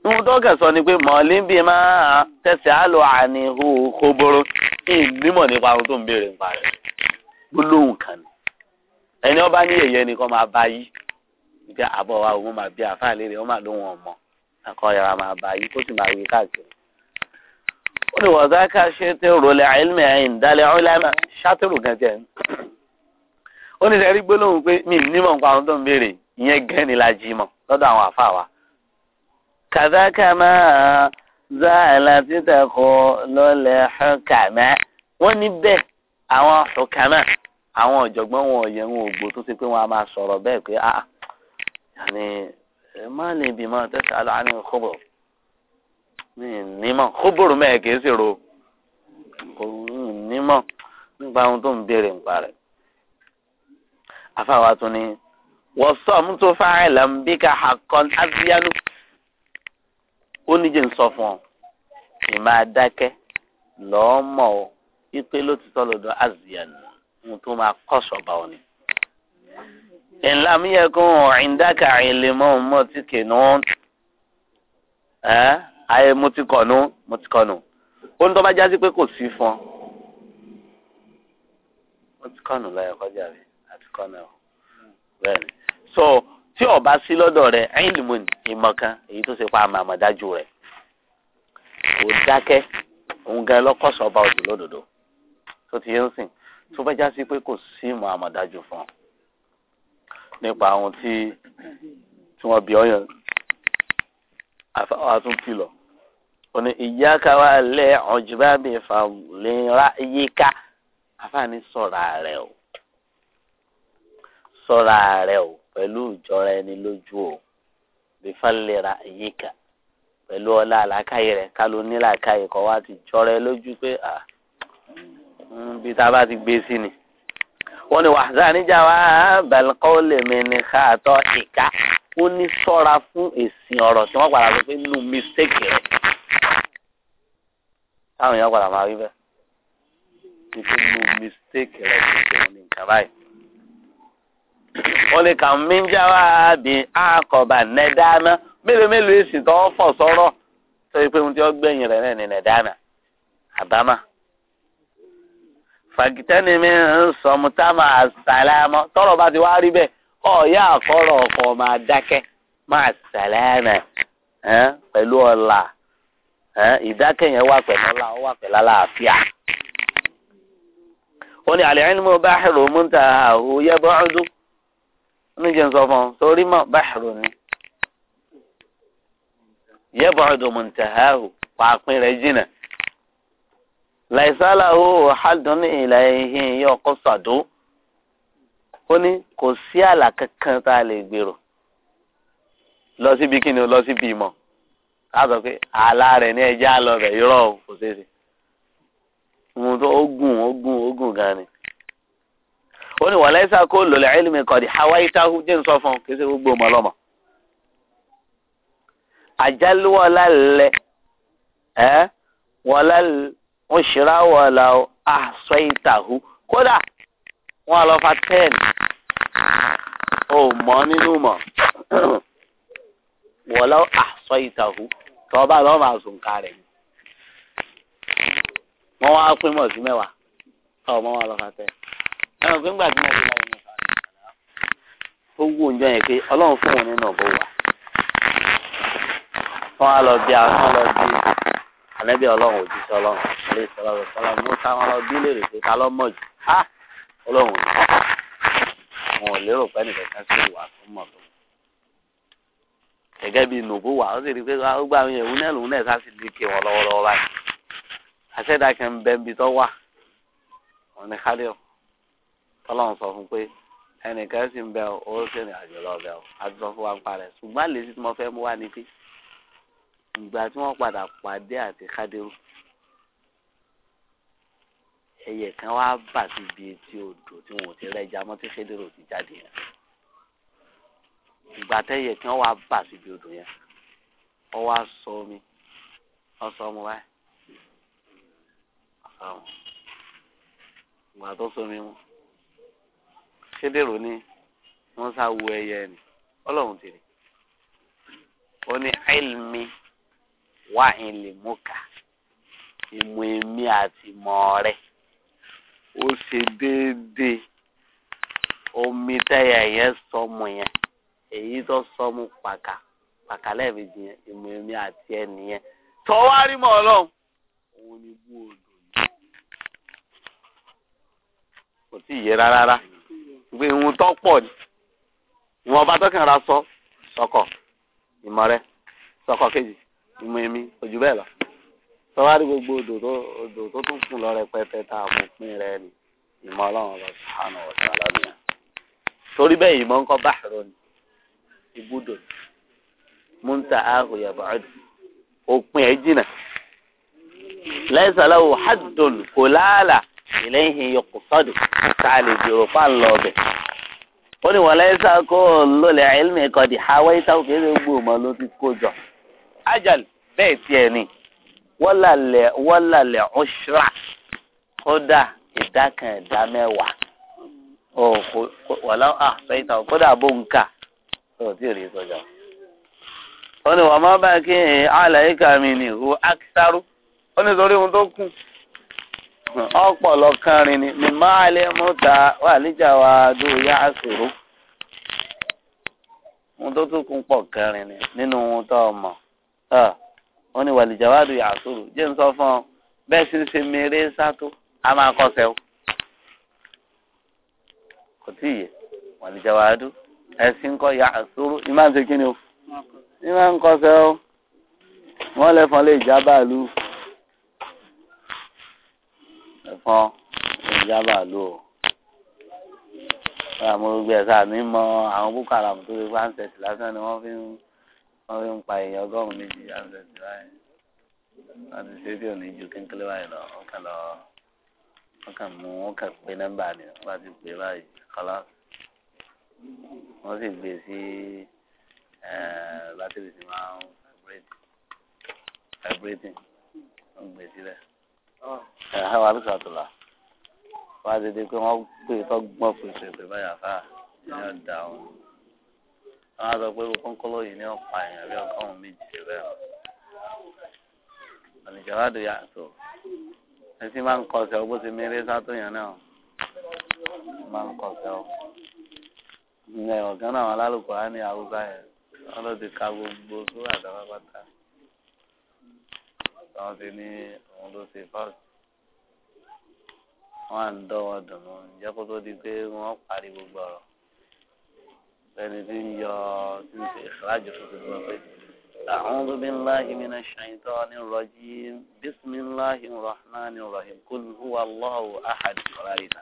nínú dọ́gà sọ ni pé mọ̀ọ́lí bíi máa tẹ̀sẹ̀ á lọ àní hòhòboro ní ìnímọ̀ nípa ohun tó ń béèrè nípa rẹ̀ gbólóhùn kan ni ẹni ọba ní èyẹ nìkan máa bá yí bí àbọ̀ wa òun máa bí àfáà léèrè wọ́n máa ló wọn mọ̀ ẹ̀kọ́ yàrá máa bá yí kó sì máa wí káàkiri. ó ní wọ́n dáká ṣe tẹ rọlẹ̀ àìlmì ẹ̀yìn dálẹ̀ ọ̀làmà ṣàtẹ̀rù gan jẹ́. ó ní sẹ́rí gbólóhùn pé mi nímọ̀ nǹkan àwọn tó ń béèrè ìyẹn gan ni la jí mọ̀ lọ́dọ̀ àwọn àfáà wa. kàdákà máa záàlà títà kọ lọ́lẹ̀ ṣọ̀kàmẹ́ wọ́n ní bẹ́ẹ̀ àwọn ṣọ̀kàmẹ́ àwọn ọ̀jọ̀gbọ́n wọn ò yẹ wọn ò gbó tó ti pé wọn a máa sọ̀rọ̀ bẹ́ẹ̀ pé ah يعني ما لي بما تسأل عن الخبر nímọ̀ kóbòrò mẹ́ẹ̀ kìí sì ro nímọ̀ nípa ohun tó ń béèrè nípa rẹ̀. afáwa tún ni wọ́n sọ mú tó fáyà làǹbíkà àkọ́n ásíyánú ó níjẹ́ ń sọ fún ọ ipe ló ti sọ lọ́dọ̀ ásíyánú ohun tó máa kọ́ sọ̀bà ọ ni ìlàm yẹ kó ìndáka ìlèmọ mọ ti kìnnú ẹ ayé mo ti kọnu mo ti kọnu ó ń tọ́ bá jásí pé kò sí fún ọ mo ti kọnu lọ́yà kọjá rẹ àti kọ́nà ọ bẹ́ẹ̀ ni so tí ọba sí lọ́dọ̀ rẹ ìlìmọ ìmọ̀ kan èyí tó ṣe pa àmọ̀ àmọ̀dájú rẹ kò dákẹ́ òun gan lọ́kọ̀ọ́sọ̀ ọba òdò lódodo tó ti yẹ ń sìn tó bá jásí pé kò sí ìmọ̀ àmọ̀dájú fún ọ nípa àwọn tí tí wọ́n bí ọ yẹn àfáwà tún kìlọ̀ ó ní iyyaka wa lẹ́ ọ̀jùbá mi fàlẹ́ra yíká àfáàní sọ̀rọ̀ ààrẹ o sọ̀rọ̀ ààrẹ o pẹ̀lú ìjọra ẹni lójú o bí fàlẹ́ra yíká pẹ̀lú ọlá àlàkàyè rẹ̀ kálọ̀ nílàkàyè kọ́ wa ti jọra ẹ lójú pé ah, hmm, bí tá a bá ti gbé sí ni wọ́n ní wàhálà níjà wá balùkọ́ lè mi ní káàtọ́ ìka ó ní sọ́ra fún èsìn ọ̀rọ̀ tí wọ́n padà sọ pé nù mistake rẹ̀ táwọn èèyàn padà máa rí bẹ́ẹ̀ ní pé nù mistake rẹ̀ ti tẹ̀lé ní nǹkan báyìí. wọ́n ní kàn mí wá bí àkọ́bà nẹ́dáná mélòó mélòó èsì tó fọ̀ sọ́rọ̀ tó pé ohun tí wọ́n gbẹ̀yìn rẹ̀ náà ní nẹ́dáná àbámà. fàkìtẹ́ni mi ń sọmù táwọn bá ti wá rí bẹ́ẹ̀ ọ̀ọ́yá àfọ́rọ̀ ọkọ̀ máa dákẹ́ máa ṣàlàyé pẹ̀lú ọ̀la ìdákẹ́ yẹn wà pẹ̀lú ọ̀la ó wà pẹ̀lú àlàáfíà. ó ní àlẹ́ ẹni mo bá mú ta àwòyẹ bọ́ ọdún ní jẹun sọ fún sórí ni yẹ bọ́ ọdún mú ta àwò pàápín jìnnà. laisala o hadun ilayihin yóò kó sàdó ó ní kò sí àlà kankan tá a lè gbèrò lọ síbi kí ni o lọ síbi ìmọ̀ a sọ pé àlà rẹ̀ ní ẹja lọ rẹ̀ irọ́ o kò ṣeé ṣe ohun tó gùn ó gùn ó gùn gan ni ó ní wàlẹ́sà kó lòlẹ̀ ẹ́lìmì kọ̀dí hawaii táhù jẹ́ nsọ fún un kì ṣe gbogbo ọmọ àjálù wọlá lẹ ẹ wọlá lẹ wọn ṣẹlá wàhálà ọ àṣọ ìtàhù kódà wọn lọ fa ten ò mọ nínú mọ wọlọ àṣọ ìtàhù tọba lọ máa sùn ká rẹ wọn wá pín mọ sí mẹ́wàá ọmọ wọn lọ fa ten ẹnu pé ńgbà tí wọn fi lọ yẹn ó wù ọjọ́ yẹn pé Ọlọ́run fún òun nínú ọgbọ wa wọn á lọ bí a wọn lọ bí ànábì Ọlọ́run òjíṣẹ́ Ọlọ́run àlẹ́ ìsọ̀rọ̀ ìsọ̀rọ̀ musa wọn lọ bí léèrè pé ta ló mọ̀ jù á ọlọ́run ni wọn ò lérò pé ẹnìkankan sí ìwà nùbú wà ó sì rí i pé ó gbà yẹn òun náà lòun náà lè ké wọn lọ́wọ́lọ́wọ́ báyìí àṣẹdá kan ń bẹ ibi wà wọn ni kálíọ̀ tọ́lọ́run sọ fún pé ẹnìkan sì ń bẹ ó sì rìn àjò lọ bẹ ó a ti sọ fún wa ń parẹ́ ṣùgbọ́n àlè sí tí mo fẹ́ mú wá ni pé ìgbà tí wọ́n padà pàdé àti kádérù ẹyẹ kan wá bà síbi etí odò tí wọn ò ti rẹjà mọ́ tí fẹdẹrọ ti jáde yẹn ìgbà tẹyẹ kan wá bà síbi odò yẹn ọ wá sọ omi ọ sọ ọmọ wáyé ìgbà tó sọ omi mu fẹdẹrọ ni wọn sá wo ẹyẹ ni Ọlọ́run tèrè ó ní àìlmi wá ìlìmúkà ìmọ̀ èmi àti ìmọ̀ rẹ̀ ó ṣe déédéé omi táyà yẹn sọmù yẹn èyí tó sọmù pàkà pàkà lẹ́ẹ̀mejì yẹn ìmọ̀ èmi àti ẹni yẹn tọ́wárí mọ́ ọlọ́run òun ni bú odò yìí kò tí ì yé rárá pé ìhun tó pọ̀ ni ìwọ̀n ọba tó kàn ra sọ sọkọ ìmọ̀ rẹ sọkọ kejì ìmọ̀ èmi ojú bẹ́ẹ̀ lọ tọ́wárí gbogbo odò tó odò tó tún kù lọ rẹpẹtẹ tá a fún pín rẹ ni ìmọ̀ ọlọ́run lọ sàánù ọ̀sán alámìyà torí bẹ́ẹ̀ ìmọ̀ ńkọ́ báàrọ̀ ni ibùdó ni múntà áhùn yàbọ̀ ọ̀dù òpin ẹ̀ jìnà lẹ́sàlẹ̀ wò hàdùn kò láàlà ìlẹ́yìn yọkù sọ́dù tá a lè dèrò fáà lọ ó ní wọn lẹ́sà kó lólè ẹ̀lmẹ̀kọ̀dì hawaii táwọn kéré gbòòmọ̀ ló ti kó jọ ajal bẹ́ẹ̀ tiẹ̀ ni. wọ́làlẹ̀ wọ́làlẹ̀ ọ̀ṣra kódà ìdá kan ìdá mẹ́wàá ọ̀ kò wàlá àfẹ́ ìtàn kódà bó ń kà ọ̀ tí ò rí sọ́jà. ó ní wàá má kí ẹ̀ àlàyé kàmi ní akitaru ó ní ohun tó kù ọ̀pọ̀lọ̀ kanrin ni mi máa wà níjà wa dó yá àṣòro ohun tó tún kún ni wọn ni wàlìjàwádù yàtúrù jẹ́ ń sọ fún ọ bẹ́ẹ̀ sì ń ṣe mèrè sátó a máa kọsẹ̀ o kò tí ì yẹ wàlìjàwádù ẹ̀sìn kọ yàtúrù ìmá ń ṣe kí ni o ìmá ń kọsẹ̀ o wọ́n lẹ́fọn lè já bàálù ẹ̀fọn lè já bàálù o wọ́n àmọ́ gbé ẹ̀sà mi mọ àwọn boko haram tó fi wá ń tẹ̀sí lásán ni wọ́n fi ń wọ́n fi ń pa èèyàn ọgọ́rùn-ún méjì yàtọ̀ sí báyìí láti ṣe tí ò ní ju kíńkílé báyìí lọ wọ́n kà lọ wọ́n kà mú wọ́n kà pé nọ́mbà ni wọ́n bá ti pè báyìí kọ́lá wọ́n sì gbé e sí eh, bátìrì tí máa ń vibrating wọ́n gbé sílẹ̀ ẹ̀hán wa lóṣù àtọ̀là wọ́n á ti di pé wọ́n pè tó gbọ́n fèsì pé báyà fáà ní ọ̀dà wọn wọn á sọ pé kónkóló yìí ní ọ̀pá èèyàn bí ọgọ́rùn-ún méjì ṣe bẹ́ẹ̀ àlìjàwádìí yàtọ̀ ẹtí máa ń kọsẹ̀ ọ bó ti méré sátó yẹn náà máa ń kọsẹ̀ ọ ilẹ̀ ọ̀gá náà alálùkò á ní àwùjọ yẹn wọn ló ti ka gbogbo sórí àdáwà pátá wọn ti ní òun ló ti fọ́ọ̀sì wọn à ń dọ́wọ́ dùnú ìjẹ́kótó di pé wọ́n parí gbogbo ọ̀rọ̀ ẹni tí ń yọ tí ń ṣe ìṣáájú tuntun lọ pé. أعوذ بالله من الشيطان الرجيم بسم الله الرحمن الرحيم قل هو الله أحد رأينا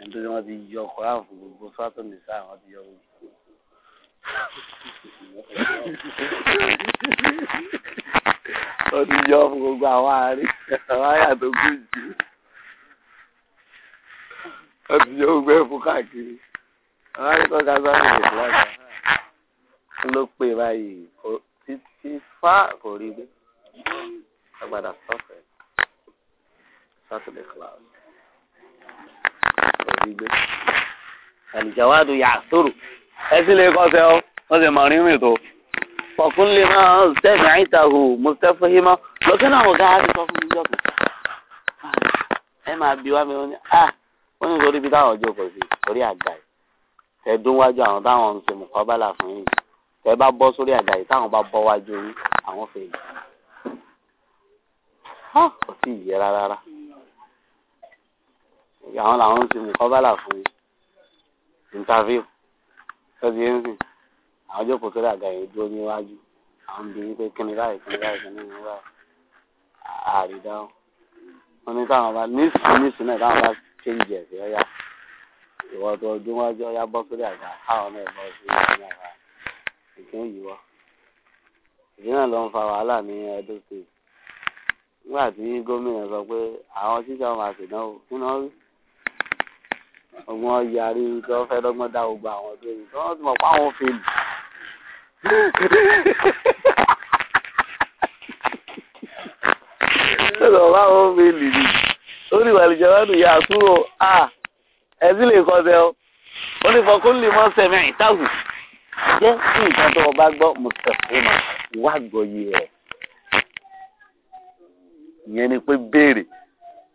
nítorí wọn ti yọ koran fún gbogbo sọ́tò nìsa wọn ti yọ gbogbo. wọ́n ti yọ fún gbogbo àwọn àárín àwọn àyà tó kù jù ó ti yọ gbẹ fún káàkiri àwọn akẹ́kọ̀ọ́ gaza ní ìfúláṣà ló pè báyìí títí fá kò rí gbé agbada sọfẹ saturday class kò rí gbé àlìjáwádù yàtúrù ẹ sì lè kọsẹ̀ ọ wọn sì mọ rírìn tó fọkúnlé máa ń sẹ́mi àìtàhù mustapha himá lọ́kẹ́ náà wọ́n gáà ti sọ fún mi jọ́kùn ẹ máa bí wá mi wọ́n ah ó ní torí ibi táwọn jókòó sí orí àga yìí tẹ dún wájú àwọn táwọn ń ṣe mùkọ́bálà fún yìí tẹ bá bọ́ sórí àga yìí táwọn bá bọ́ wájú yìí àwọn fèrè kò sí ìyẹ rárá rárá àwọn làwọn ń ṣe mùkọ́bálà fún yìí interview tó ti ń sìn àwọn jókòó sórí àga yìí dúró níwájú àwọn ń bi yín pé kíni báyìí kíni báyìí kíni báyìí àrídáwọ̀ wọn ní táwọn bá nísìnyí nísìnyí náà táwọn bá change ẹ̀ sí ọ̀yá ìwọ tó ọdún wájú ọ̀yá bọ́ sórí àga káwọn náà bọ́ sí ìlú àga ìpín òyìnbó ìdí náà ń fa wàhálà ní ẹdún state nígbà tí gómìnà sọ pé àwọn tíjà máa ṣèdánwò fún náà rí ọgbọ́n yarí tó fẹ́ dọ́gbọ́n dá gbogbo àwọn tó yìí tó wọ́n ti mọ̀ pé àwọn fèlì tó bá àwọn fèlì ni lórí ìwà ìjọba dùn yà àtúrò a ẹbí lè kọ́ bẹ́ẹ̀ o ó ní fọkún lè mọ́ sẹ̀mí ìtàkù jẹ́ kí nǹkan tó o bá gbọ́ mùsùlùmí wà gbọ́ yìí rẹ̀ ìyẹn ni pé béèrè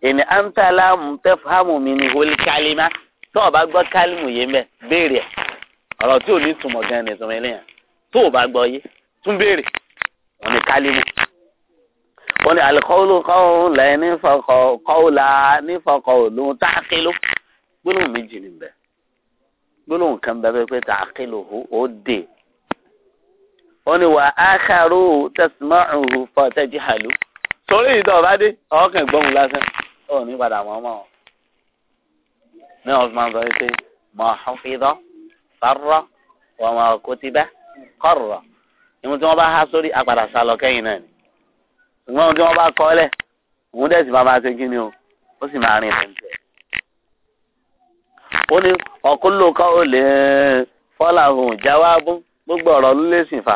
ìní àǹtàlà mùtẹ́fàmù mi ni wọlé kálímà tó o bá gbọ́ kálímù yé mẹ́ béèrè ẹ̀ ọ̀rọ̀ tí ò ní túmọ̀ gan-an ní eléyàn tó o bá gbọ́ yé tún béèrè òun ni kálímù wọ́n ní alikọ́wọ́lù kọ́wọ́ lẹ́ nífọ̀kọ́ kọ́wọ́lá nífọ̀kọ́ ló ń tààkìlù gbólóhùn méjì ní bẹ́ẹ̀ gbólóhùn kan bẹ́ẹ̀ bẹ́ẹ̀ pé tààkìlù ó dé wọ́n ní wà á kàró tẹ̀símọ́ọ̀hù fọ́tẹ́jì hàlú sórí ìtọ́ ọba dé ọkàn gbọ́hùn lásán ó ní padà mọ́ mọ́ ọ ní ọ̀sùn sọ pé mọ̀ ọ́fíìdọ́ fárọ́ wọ́n mọ̀ kó ti bẹ́ kọ́rọ̀ ìmú ṣùgbọ́n ohun tí wọ́n bá kọ́ lẹ̀ òun dẹ̀ sì máa máa ṣe kí ni o ó sì máa rìn lẹ́nu tẹ̀. ó ní ọ̀kúnlò kan ò lè fọ́lá òun jáwábú gbogbo ọ̀rọ̀ ló lè sìn fà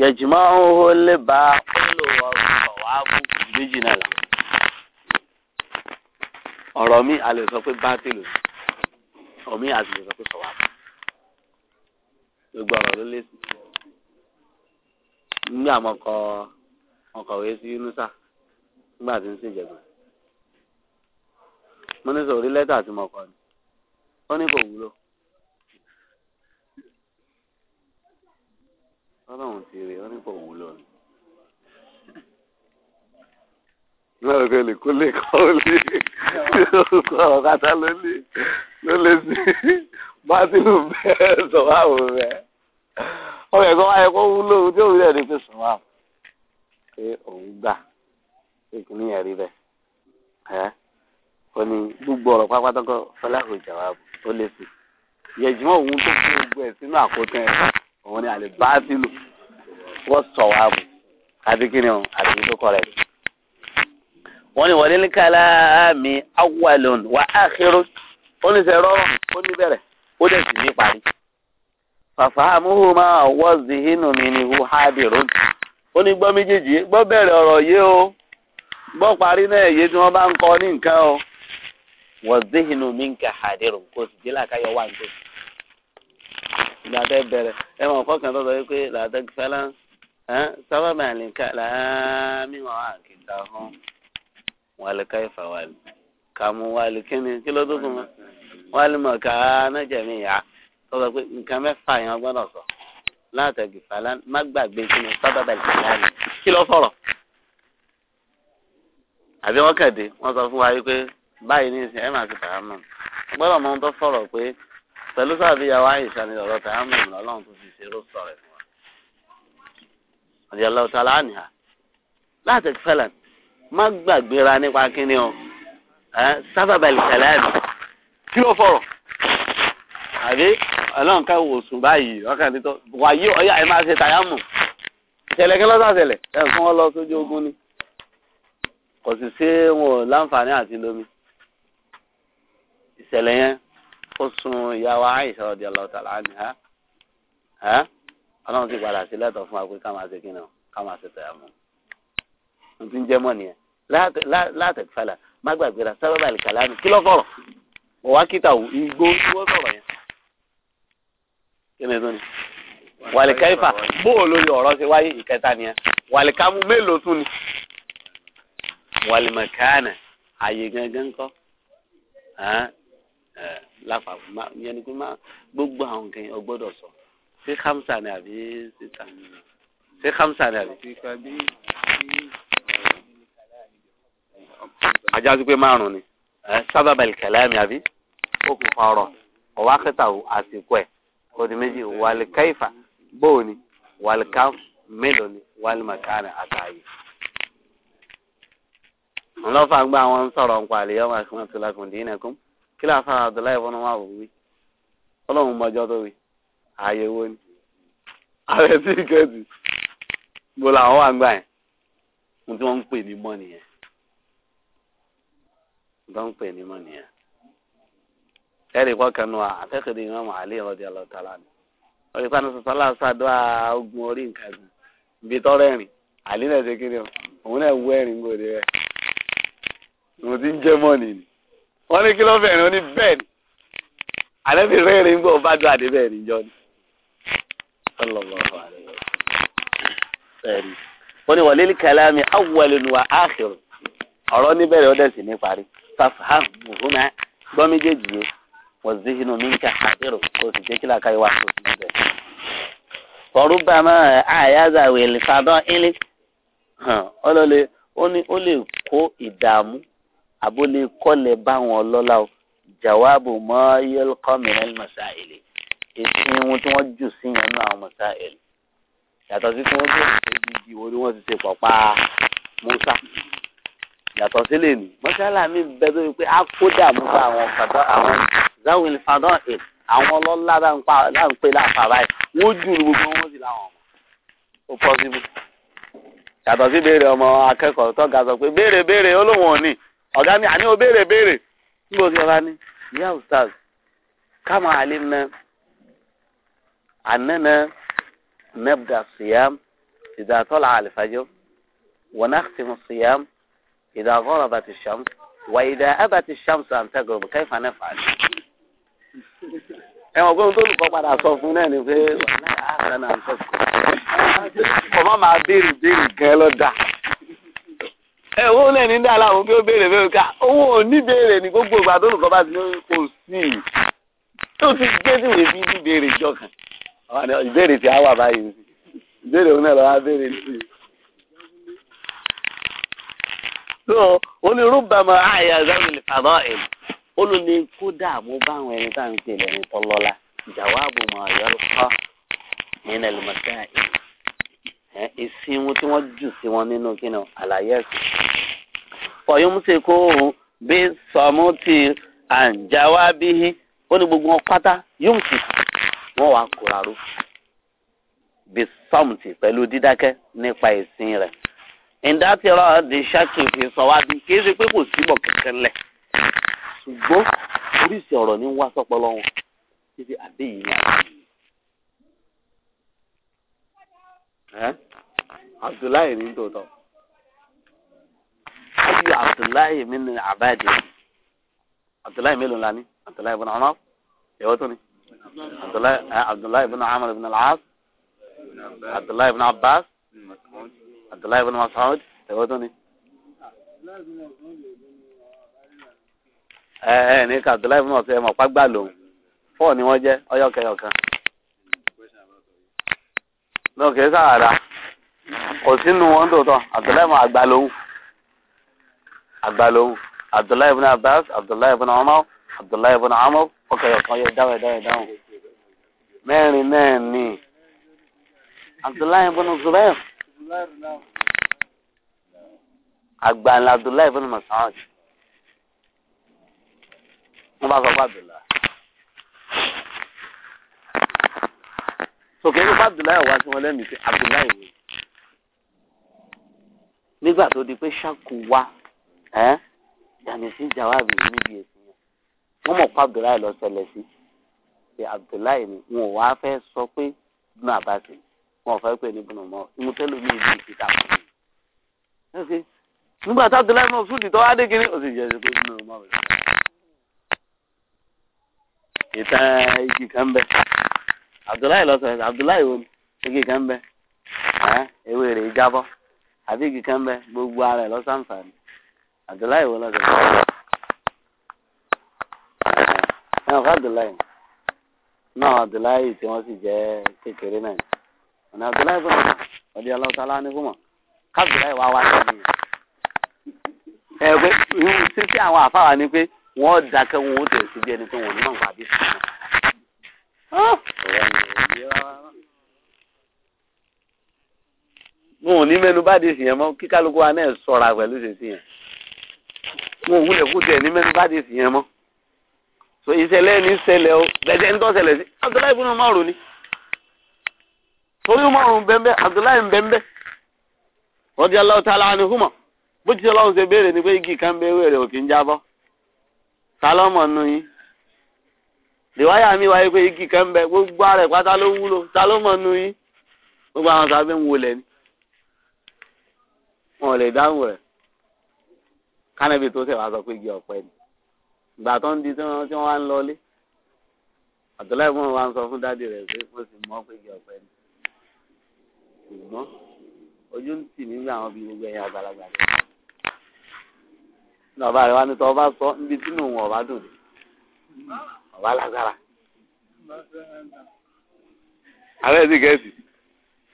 yẹ̀jìmọ́ òun lè bá kúnlò ọ̀rọ̀ wá bú méjì náà lọ. ọ̀rọ̀ mi a sọ pé bátìlù ọ̀rọ̀ mi a lè sọ pé sọ̀wá gbogbo ọ̀rọ̀ ló lè sìn. nígbà mọ́kọ́ wọn kọ̀wé sí Yunusa nígbà tí ń ṣèjọba mo ní sọ̀rí lẹ́tà tí mo kọ ni ó ní kò wúlò ọlọ́run ti rè ó ní kò wúlò ni. náà kò lè kó lè kọ́ ó lè kó ọ̀kadà ló lè ló lè sí bátìlù bẹ́ẹ̀ sọ̀wá wò bẹ́ẹ̀ ọ̀rẹ́ kan wáyé kó wúlò tí òun rẹ̀ pé sọ̀wá wò pé òun gbà pé kìíní yẹn rí bẹ́ẹ̀ ẹ́ ó ní gbogbo ọ̀rọ̀ pápátákọ̀ fọláhùn ìjàwá ó lè fi yẹ̀jìmọ̀ òun tó fi gbogbo ẹ̀ sínú àkótán ẹ̀ òun ni àlèbáàtìlù wọ́n sọ wá bù àti kí ni o àti kí tó kọ́ rẹ̀. wọ́n ní wọlé ní kálá mi awalon wà á kéré ó ní sẹ́ rọ́rùn ó ní bẹ̀rẹ̀ ó dẹ̀ sì ní parí. fàfà àmúhùn máa wọ́ zihínù mi ni hu hábìrún ó ní gbọ́ méjèèjì gbọ́ bẹ̀rẹ̀ ọ̀rọ̀ o gbọ́ parí náà èyí tí wọ́n bá ń kọ ní nǹkan o wọ́n zéhìnú mi ń kà àdérò kó sì dé làkàyọ wà ní tòsí. ìgbà tẹ ẹ mọ̀ fọkàn tó sọ pé làtẹ́gbẹ́lá sábà máa lè ká láàmì wọn àkìtà hàn wọn lè ká ìfà wà wà kíni kí ló tó sọ pé nǹkan sọ. látàgì fàlà má gbàgbé kí ni sábàbà ìfàlà rẹ kí ló fọ̀rọ̀ àbí wọn kẹdẹ wọn sọ fún wa wípé báyìí ní ìsìn ẹ máa ti tààmù gbọ́dọ̀ mọ ohun tó fọ̀rọ̀ pé pẹ̀lú sábàbí ìyàwó àyíṣà ni ọ̀rọ̀ tààmù lọ́lọ́run tó fi ṣe ló sọ̀rọ̀ fún wa ọdí Ọlọ́run tààlà látàgì fàlà má gbàgbéra nípa kí ọ sábàbà ìfàlà rẹ kí ló fọ̀rọ̀ àbí ọlọ́run ká wò sùn báyìí ọkàn títọ́ wàyí ọyá ẹ máa ṣe tàyámù ṣẹlẹ̀ kí lọ́sà ṣẹlẹ̀ ẹ̀ fún ọ lọ sójú ogun ni kò sì sí wọn ò láǹfààní àti lómi ìṣẹ̀lẹ̀ yẹn ó sun ìyàwó àìsàn ọ̀dì ọlọ́tàlá ni ha ha ọlọ́run ti padà sí lẹ́tọ̀ fún wa pé ká máa ṣe kí ni o ká máa ṣe tàyámù n ti ń jẹ́ mọ́ nìyẹn látẹ̀kí falà má gbàgbéra sábàbà ìkàlámù kí lọ́kọ̀rọ̀ ọ̀wá kíta igbó tí wọ́n sọ̀rọ̀ yẹn kí ni tó ni wàlìkẹ́fà bóò lórí ọ̀rọ̀ ṣe wáyé ìkẹta nìyẹn wàlìkámú mélòó tún ni wàlìmọ̀kánà àyè gangan kọ́ lápapọ̀ yẹn ni pé má gbogbo àwọn nǹkan yẹn ọgbọ́dọ̀ sọ ṣé hamsa ni àbí sita ṣé hamsa ni àbí. ajá pé márùn ni sábàbà ìkẹlẹ́ mi àbí ó ọ̀rọ̀ ọ̀wá kẹta àsìkò ẹ̀ odi méjì wàlìkáìfà bóò ni wàlìká mélòó ni wàlìmàkánì àtàyè. ọlọ́fà ń gbà wọn sọ̀rọ̀ ń palẹ̀ yọ̀ọ́ máa kún àtúlá kùn dín nìkún kí ló àfàrà àdúrà ìfọ́nù wà wò wí ọlọ́run mọjọ́ tó wí ààyè wo ni ààrẹ tí ìkẹ́sì bó làwọn wà ń gbà yẹn ohun tí wọ́n ń pè ní mọ́ nìyẹn wọ́n ń pè ní ẹ̀rí kọ́ kanu àfẹ́kẹ̀dẹ̀ ìmọ̀ màálí ọ̀dẹ̀ ọlọ́tàlá ni wọ́n yípa náà sọ̀tàlá sàdúrà ogun orí nǹkan ẹ̀sìn ibi tọ́rọ ẹ̀rìn àlí náà ṣe kéde òun náà wú ẹ̀rìn gbòde mo ti ń mọ́ọ̀nì ni wọn ní kí ló fẹ́ràn ní bẹ́ẹ̀ ni àlẹ́bí rẹ́rìn gbò bá àdé bẹ́ẹ̀ ni wọ́n ní ọ̀rọ̀ níbẹ̀rẹ̀ ní parí fàfà wọ́zihinu minka hadiru kò sì jẹ́ kí làákàyè wà tó sí ibẹ̀. ọ̀rúbàmọ́ àyàzà wèlé fàdán ilé ọlọ́lẹ̀ ó lè kó ìdààmú àbó lè kọ́lẹ̀ báwọn ọlọ́lá o jàwáàbù mọ́ yẹ́lkọ́mìnrin mọ̀sá èlé èsì wọn tí wọ́n jù sí yẹn náà mọ̀sá èlé yàtọ̀ sí tí wọ́n jù sí ibi orí wọn ti ṣe pọ̀pá Musa yàtọ̀ sí lè ní mọ́sálà bẹ́ẹ̀ tó yẹ pé á kó dààmú bá àwọn fàdán àwọn zawil fadọ́ọ̀hìn àwọn ọlọ́lá láǹpé láǹfà báyìí wọ́n jù ní gbogbo wọn sì láwọn ọmọ ó pọ́sibú. yàtọ̀ sí béèrè ọmọ akẹ́kọ̀ọ́ tọ́ga sọ pé béèrè béèrè ó lóun ò ní ọ̀gá mi àní ó béèrè béèrè níbo ti ọba ní ìyá ustaz káma alim na ànánà nabda siyam ìdá tọ́lá àlìfájọ́ wọn náà ti mú siyam ìdá gọ́rọ̀ bàtì shams wà ìdá abàtì shams àǹtẹ̀gọ̀rọ̀ kẹfà náà fàájì ẹ̀wọ̀n pé tó lùkọ́ padà sọ fún náà ni pé ọmọ máa béèrè béèrè gan lọ́dà ẹ̀wọ̀n náà ní dá láwọn pé ó béèrè béèrè ká owó oníbèrè ní gbogbo ìgbà tó lùkọ́ bá ti ní kò sí tó ti gbé ìwé bí níbèrè jọ kan ìbéèrè tí a wà báyìí ìbéèrè òun náà lọ́wọ́ béèrè sí i. so onírúbàmọ́ àyà zamil fàdọ́ èlò ó ló ní kódà mo ẹni tá à ń pè lẹ́ni tọ́lọ́lá jàwáàbù mọ̀ ọ̀yọ́lùkọ́ nínú ẹlòmọ́tà ẹ̀ tí wọ́n jù sí wọn nínú kí ni àlàyé ẹ̀sìn. fọyín ṣe kó òun bí sọmú ti àǹjáwá bíhí ó ní gbogbo wọn pátá yóò sì wọn wàá kóra ró bí sọmùtì pẹ̀lú dídákẹ́ nípa ìsìn rẹ̀ ìdátìrọ̀ di ṣáàkì fi sọ wá bí kì í ṣe pé kò síbọ̀ kankan lẹ̀ ṣùgbọ́n oríṣi ọ̀rọ̀ ní wá sọ́pọlọ wọn títí àdé yìí ni àdé yìí. Abdullahi ní tòótọ́ ayé Abdullahi mi ni abáàdì Abdullahi mélòó ńlá ni Abdullahi ibn Umar ẹ̀wọ́ tó ni Abdullahi ibn Amr ibn al-As Abdullahi ibn Abbas Abdullahi ibn Mas'ud ẹ̀wọ́ tó ni. ẹ ní Abdullahi ibùnà ọ̀sẹ̀ pàgbà lòun ni wọ́n jẹ́ ọyọ́kẹyọ kan. náà sàrà kò sínú wọn tòótọ́ Abdullahi ibùnà àgbà lòun àgbà lòun Abdullahi ibùnà Abbas Abdullahi ibùnà Umar Abdullahi ibùnà Amr ọkẹyọ kan yẹ dáwọ̀ dáwọ̀ dáwọ̀ mẹ́rin náà ni Abdullahi ibùnà Zubair àgbà wọ́n bá sọ fàdùlà. sòkè ní fàdùlà yà wá sí wọn lẹ́mìí sí abdullahi wò nígbà tó di pé ṣàkó wá jàmísí jawaabi níbi èsì yẹn wọ́n mọ̀ pa abdullahi lọ ṣẹlẹ̀ sí pé abdullahi ni wọn ò wá fẹ́ sọ pé bùnà àbáṣe wọn ò fẹ́ pè ní bùnà mọ́ ìmútẹ́lómi ìlú ìkìtà fún mi nígbà tá abdullahi mọ̀ fún ìdìtọ́ adé ó sì jẹ́ ẹ̀sìn pé bùnà mọ́ bẹ̀rẹ̀. ịta igi abdullahi lọ abdullahi o igi kan bẹ ewé rẹ̀ igi gbogbo ara ẹ̀ lọ abdullahi o lọ sọ̀rọ̀ ẹ abdullahi náà abdullahi tí wọ́n sì jẹ́ kékeré náà ọ̀nà abdullahi bọ̀ ọdí aláwọ̀sálá ní fún mọ̀ wọ́n dákẹ́ wọn ó tẹ̀sí bi ẹni pé wọ́n ní màgbà bí sùn. mo ní mẹ́nu bá dé sí yẹn kí kálukú wa náà sọ̀ra pẹ̀lú ṣèṣì yẹn mo ò wúlẹ̀ ní bá so ní o ń sí Abdullahi ni torí Abdullahi ni bó ti ṣe béèrè ni pé igi kan òkè ń ta lọ́mọ nù yín rìwáyà mi wáyé pé igi kan bẹ gbogbo ara ẹ̀ pátá ló wúlò ta lọ́mọ nù yín gbogbo àwọn sábẹ́ ń wọlé ni wọn ò lè dáhùn rẹ̀ kánẹ́bì tó tẹ̀ wá sọ pé igi ọ̀pẹ ni ìgbà tó ń di tí wọ́n wá ń lọlé àtọ́láì mọ́ wa ń sọ fún dádì rẹ̀ pé mo sì mọ́ pé igi ọ̀pẹ ni ṣùgbọ́n ojú ń tì nígbà àwọn bíi gbogbo ẹ̀yà àgbàlagbà rẹ̀ ní ọba rẹ wá ní tọ́ ọba sọ níbi tí nù ọba dùn ní ọba lágbára. ààrẹ ti gẹ̀ẹ́sì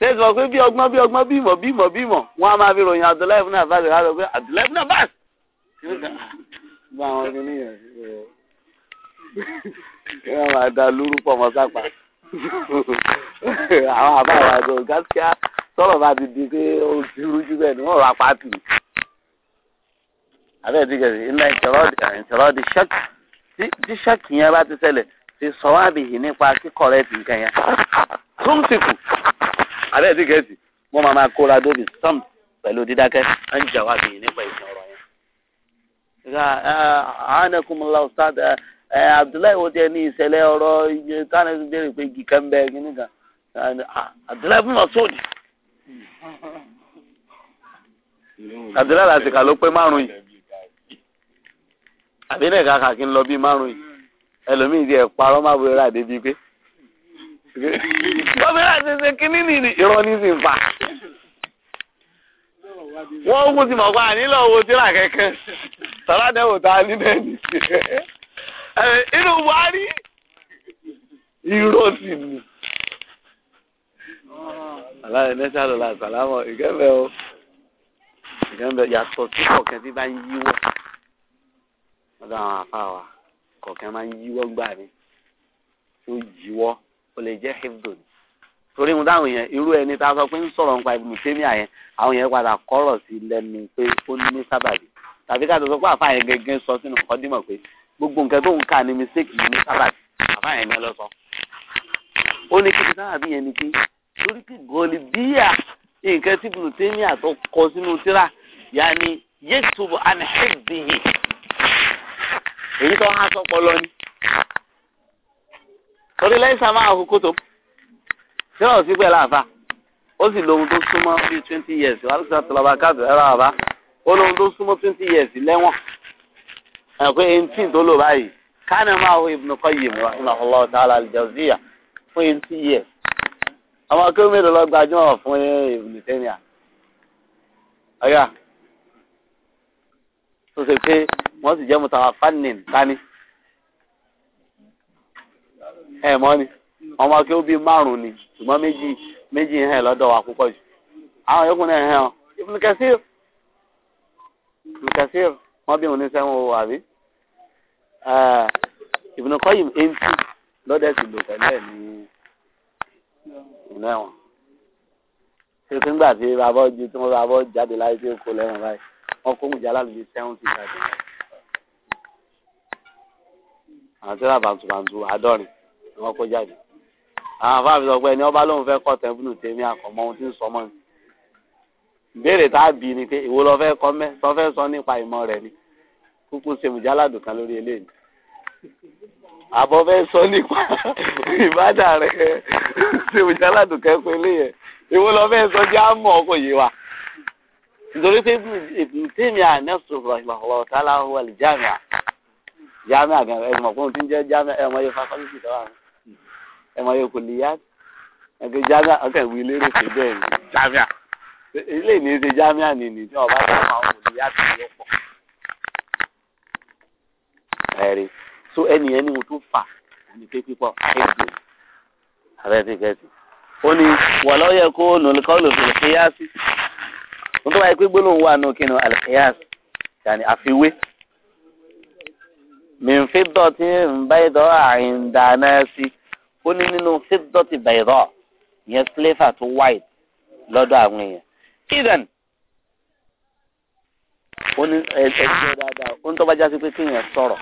ṣé sọ pé bí ọgbọ́n bí ọgbọ́n bímọ bímọ bímọ wọn á máa fi ròyìn Abdullahi ibn Abbas rẹ rárá pé Abdullahi ibn Abbas. bá àwọn ọmọ nìyẹn ṣe é wọn máa da lórúkọ ọmọ sápá àwọn àbá àwọn àjọ gáskíá sọ̀rọ̀ bá ti di pé ó ti rújú bẹ́ẹ̀ ni wọ́n rà pátì abẹ́ẹ̀ ti gẹ̀ẹ́sì ńlá ìṣòrọ́dì ṣẹ́kì tí ṣẹ́kì yẹn bá ti ṣẹlẹ̀ ti sọ wá bìyì nípa kíkọ̀ rẹ̀ ti nǹkan yẹn túmsìkù abẹ́ẹ̀ ti gẹ̀ẹ́sì wọ́n máa máa kóra dóbi sọ́m pẹ̀lú dídákẹ́ ẹ̀ ń jà wá bìyì nípa ìsìn ọ̀rọ̀ yẹn. àánẹ́kùnmọ́lá ọ̀sán abdullahi wo tiẹ̀ ní ìṣẹ̀lẹ̀ ọ̀rọ̀ tánà bẹ̀rẹ̀ pé igi kan bẹ hmm. ló pé márùn yìí àbí náà kàkà kí n lọ bíi márùn yìí ẹlòmíì ti ẹ̀ parọ́ má bóyá rà débi pé gómìnà ti ṣe kínní nìyí irọ́ ní sì ń fà. wọ́n kú ti mọ̀ pé ànílọ̀ owó tíra kẹ̀kẹ́ sọ̀rọ̀ àdéhùn tá a ní náà nì inú buhari irọ́ sì ni. aláàrẹ nẹ́sà lọ́la sàlámọ̀ ìkẹ́fẹ́ o ìkẹ́fẹ́ yàtọ̀ sí ọ̀kẹ́ tí bá ń yíwọ́ lọ́dọ̀ àwọn àfáà wa kọ̀ọ̀kan máa ń yíwọ́ gbà mí tí yíwọ́ ó lè jẹ́ hifdon torí mo dáhùn yẹn irú ẹni tá a sọ pé ń sọ̀rọ̀ nípa ibùdó tèmíà yẹn àwọn yẹn padà kọ́rọ̀ sí lẹ́nu pé ó ní sábàbí tàbí ká tó sọ pé àfáà yẹn gẹ́gẹ́ sọ sínú nǹkan dìmọ̀ pé gbogbo nǹkan tó ń kà ní mistake yìí ní sábàbí àfáà yẹn ni ọlọ́sọ. ó ní kíkí sábàbí yẹn ni pé torí pé gọ́ọ̀lì bíyà nǹkan tí ibùdó tèmíà tó kọ sínú tíra yàní yétùbù àníhẹ́bìyì èyí tó há sọpọlọ ni torí lẹ́yìn sábà àkókò tó ṣé ọ̀sìn pẹ̀lú àfa ó sì lóhun tó súnmọ́ bíi twenty years alùpùpù àtàlọ́ba káàtó ẹ̀rọ àbá ó lóhun tó súnmọ́ twenty years lẹ́wọ̀n ẹ̀ pé eighteen tó lò báyìí kánà máa ho Ibn Qayyim rahimahullah ta'ala al-Jawziyya fún eighteen years àwọn akéwì mélòó lọ gbajúmọ̀ fún Ibn Taymiyyah ọ̀yà tó ṣe pé wọ́n sì jẹ́ mùsàlá fannin tani ẹ mọ́ ni ọmọ akẹ́wọ́ bíi márùn-ún ni ṣùgbọ́n méjì méjì hàn lọ́dọ̀ wa púpọ̀ jù àwọn yòókù náà hàn Ibn Kathir Ibn Kathir wọ́n bí wọn ní sẹ́wọ̀n o àbí Ibn Qayyim eighty lọ́dẹ̀ sì lò pẹ̀lú ẹ̀ ní ìlú ẹ̀wọ̀n ṣé kí n gbà tí babọ́ ju tí wọ́n babọ́ jáde láyé tí ó kó lẹ́wọ̀n báyìí wọ́n kó mùjálá lóbi seventy five àwọn tíra bàǹtùbàǹtù àádọ́rin ni wọ́n kó jáde àwọn afáàfi sọ pé ẹni ọba lóun fẹ́ kọ́ tẹ́bùnù tèmi àkọ́mọ ohun tí ń sọmọ ni ìbéèrè tá a bì ní pé ìwo lọ fẹ́ kọ́ mẹ́ sọ fẹ́ sọ nípa ìmọ̀ rẹ̀ ni kúkú sèmùjá ládùn kan lórí eléyìí àbọ̀ fẹ́ sọ nípa ìbádà rẹ̀ sèmùjá ládùn kan pé eléyìí ìwo lọ fẹ́ sọ jẹ́ àmọ́ ọkọ̀ yìí wa nítorí pé tèmi àná sọ̀rọ̀ ìgbà ọ̀tá láwọn àlìjáàmì jámẹ àgàn ẹ mọ fún ti ń jẹ jámẹ ẹ mọ iye fakọlítì tó wà mọ ẹ mọ iye kò lè yá ẹgbẹ jámẹ ọkẹ wí lérò pé bẹ́ẹ̀ ni jámẹ ilé ìní ṣe jámẹ ànínì tí wọn bá tó máa kò lè yá tó so ẹnìyẹn ni mo tún fà ní pé pípọ̀ ẹ̀jẹ̀ abẹ́ ti gẹ̀ẹ́sì ó ní wọ̀lọ́ yẹ kó nùlùkọ́ lòfin kíyàsì tó bá yẹ pé gbólóhùn wà nù kí ni àlùkíyàsì yàní àfiwé min fiddatin bayda inda nasi ó ní nínú fiddati bayda ìyẹn flavour tó white lọ́dọ̀ àwọn èèyàn. idan ó ní ẹgbẹ́ dáadáa ó ń tọ́ bá jásí pé kéèyàn sọ̀rọ̀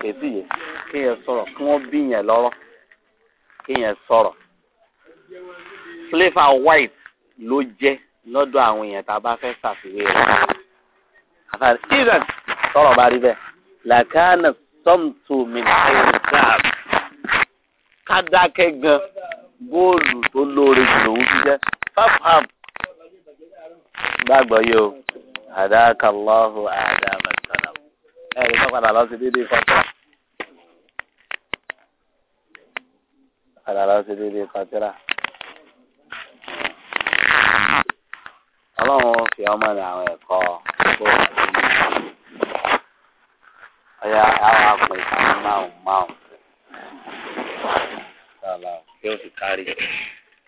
kèsì yẹ kéèyàn sọ̀rọ̀ kí wọ́n bí yẹn lọ́rọ̀ kéèyàn sọ̀rọ̀ flavour white ló jẹ́ lọ́dọ̀ àwọn èèyàn tá a bá fẹ́ ṣàfiwé rẹ̀. قال اذا ترى بعربه لا كان صمت من حين الذهب قد كان قول تلوري جنوبي فافهم بابا يو هداك الله أعلم السلام اي طبعا على سيدي فاطمه على راسي دي قاتله kí wọ́n mọ̀ ní àwọn ẹ̀kọ́ tó wà nínú ìlú. ọ̀yà àwọn àpò ìtàn márùn-ún márùn-ún kí ó fi kárí.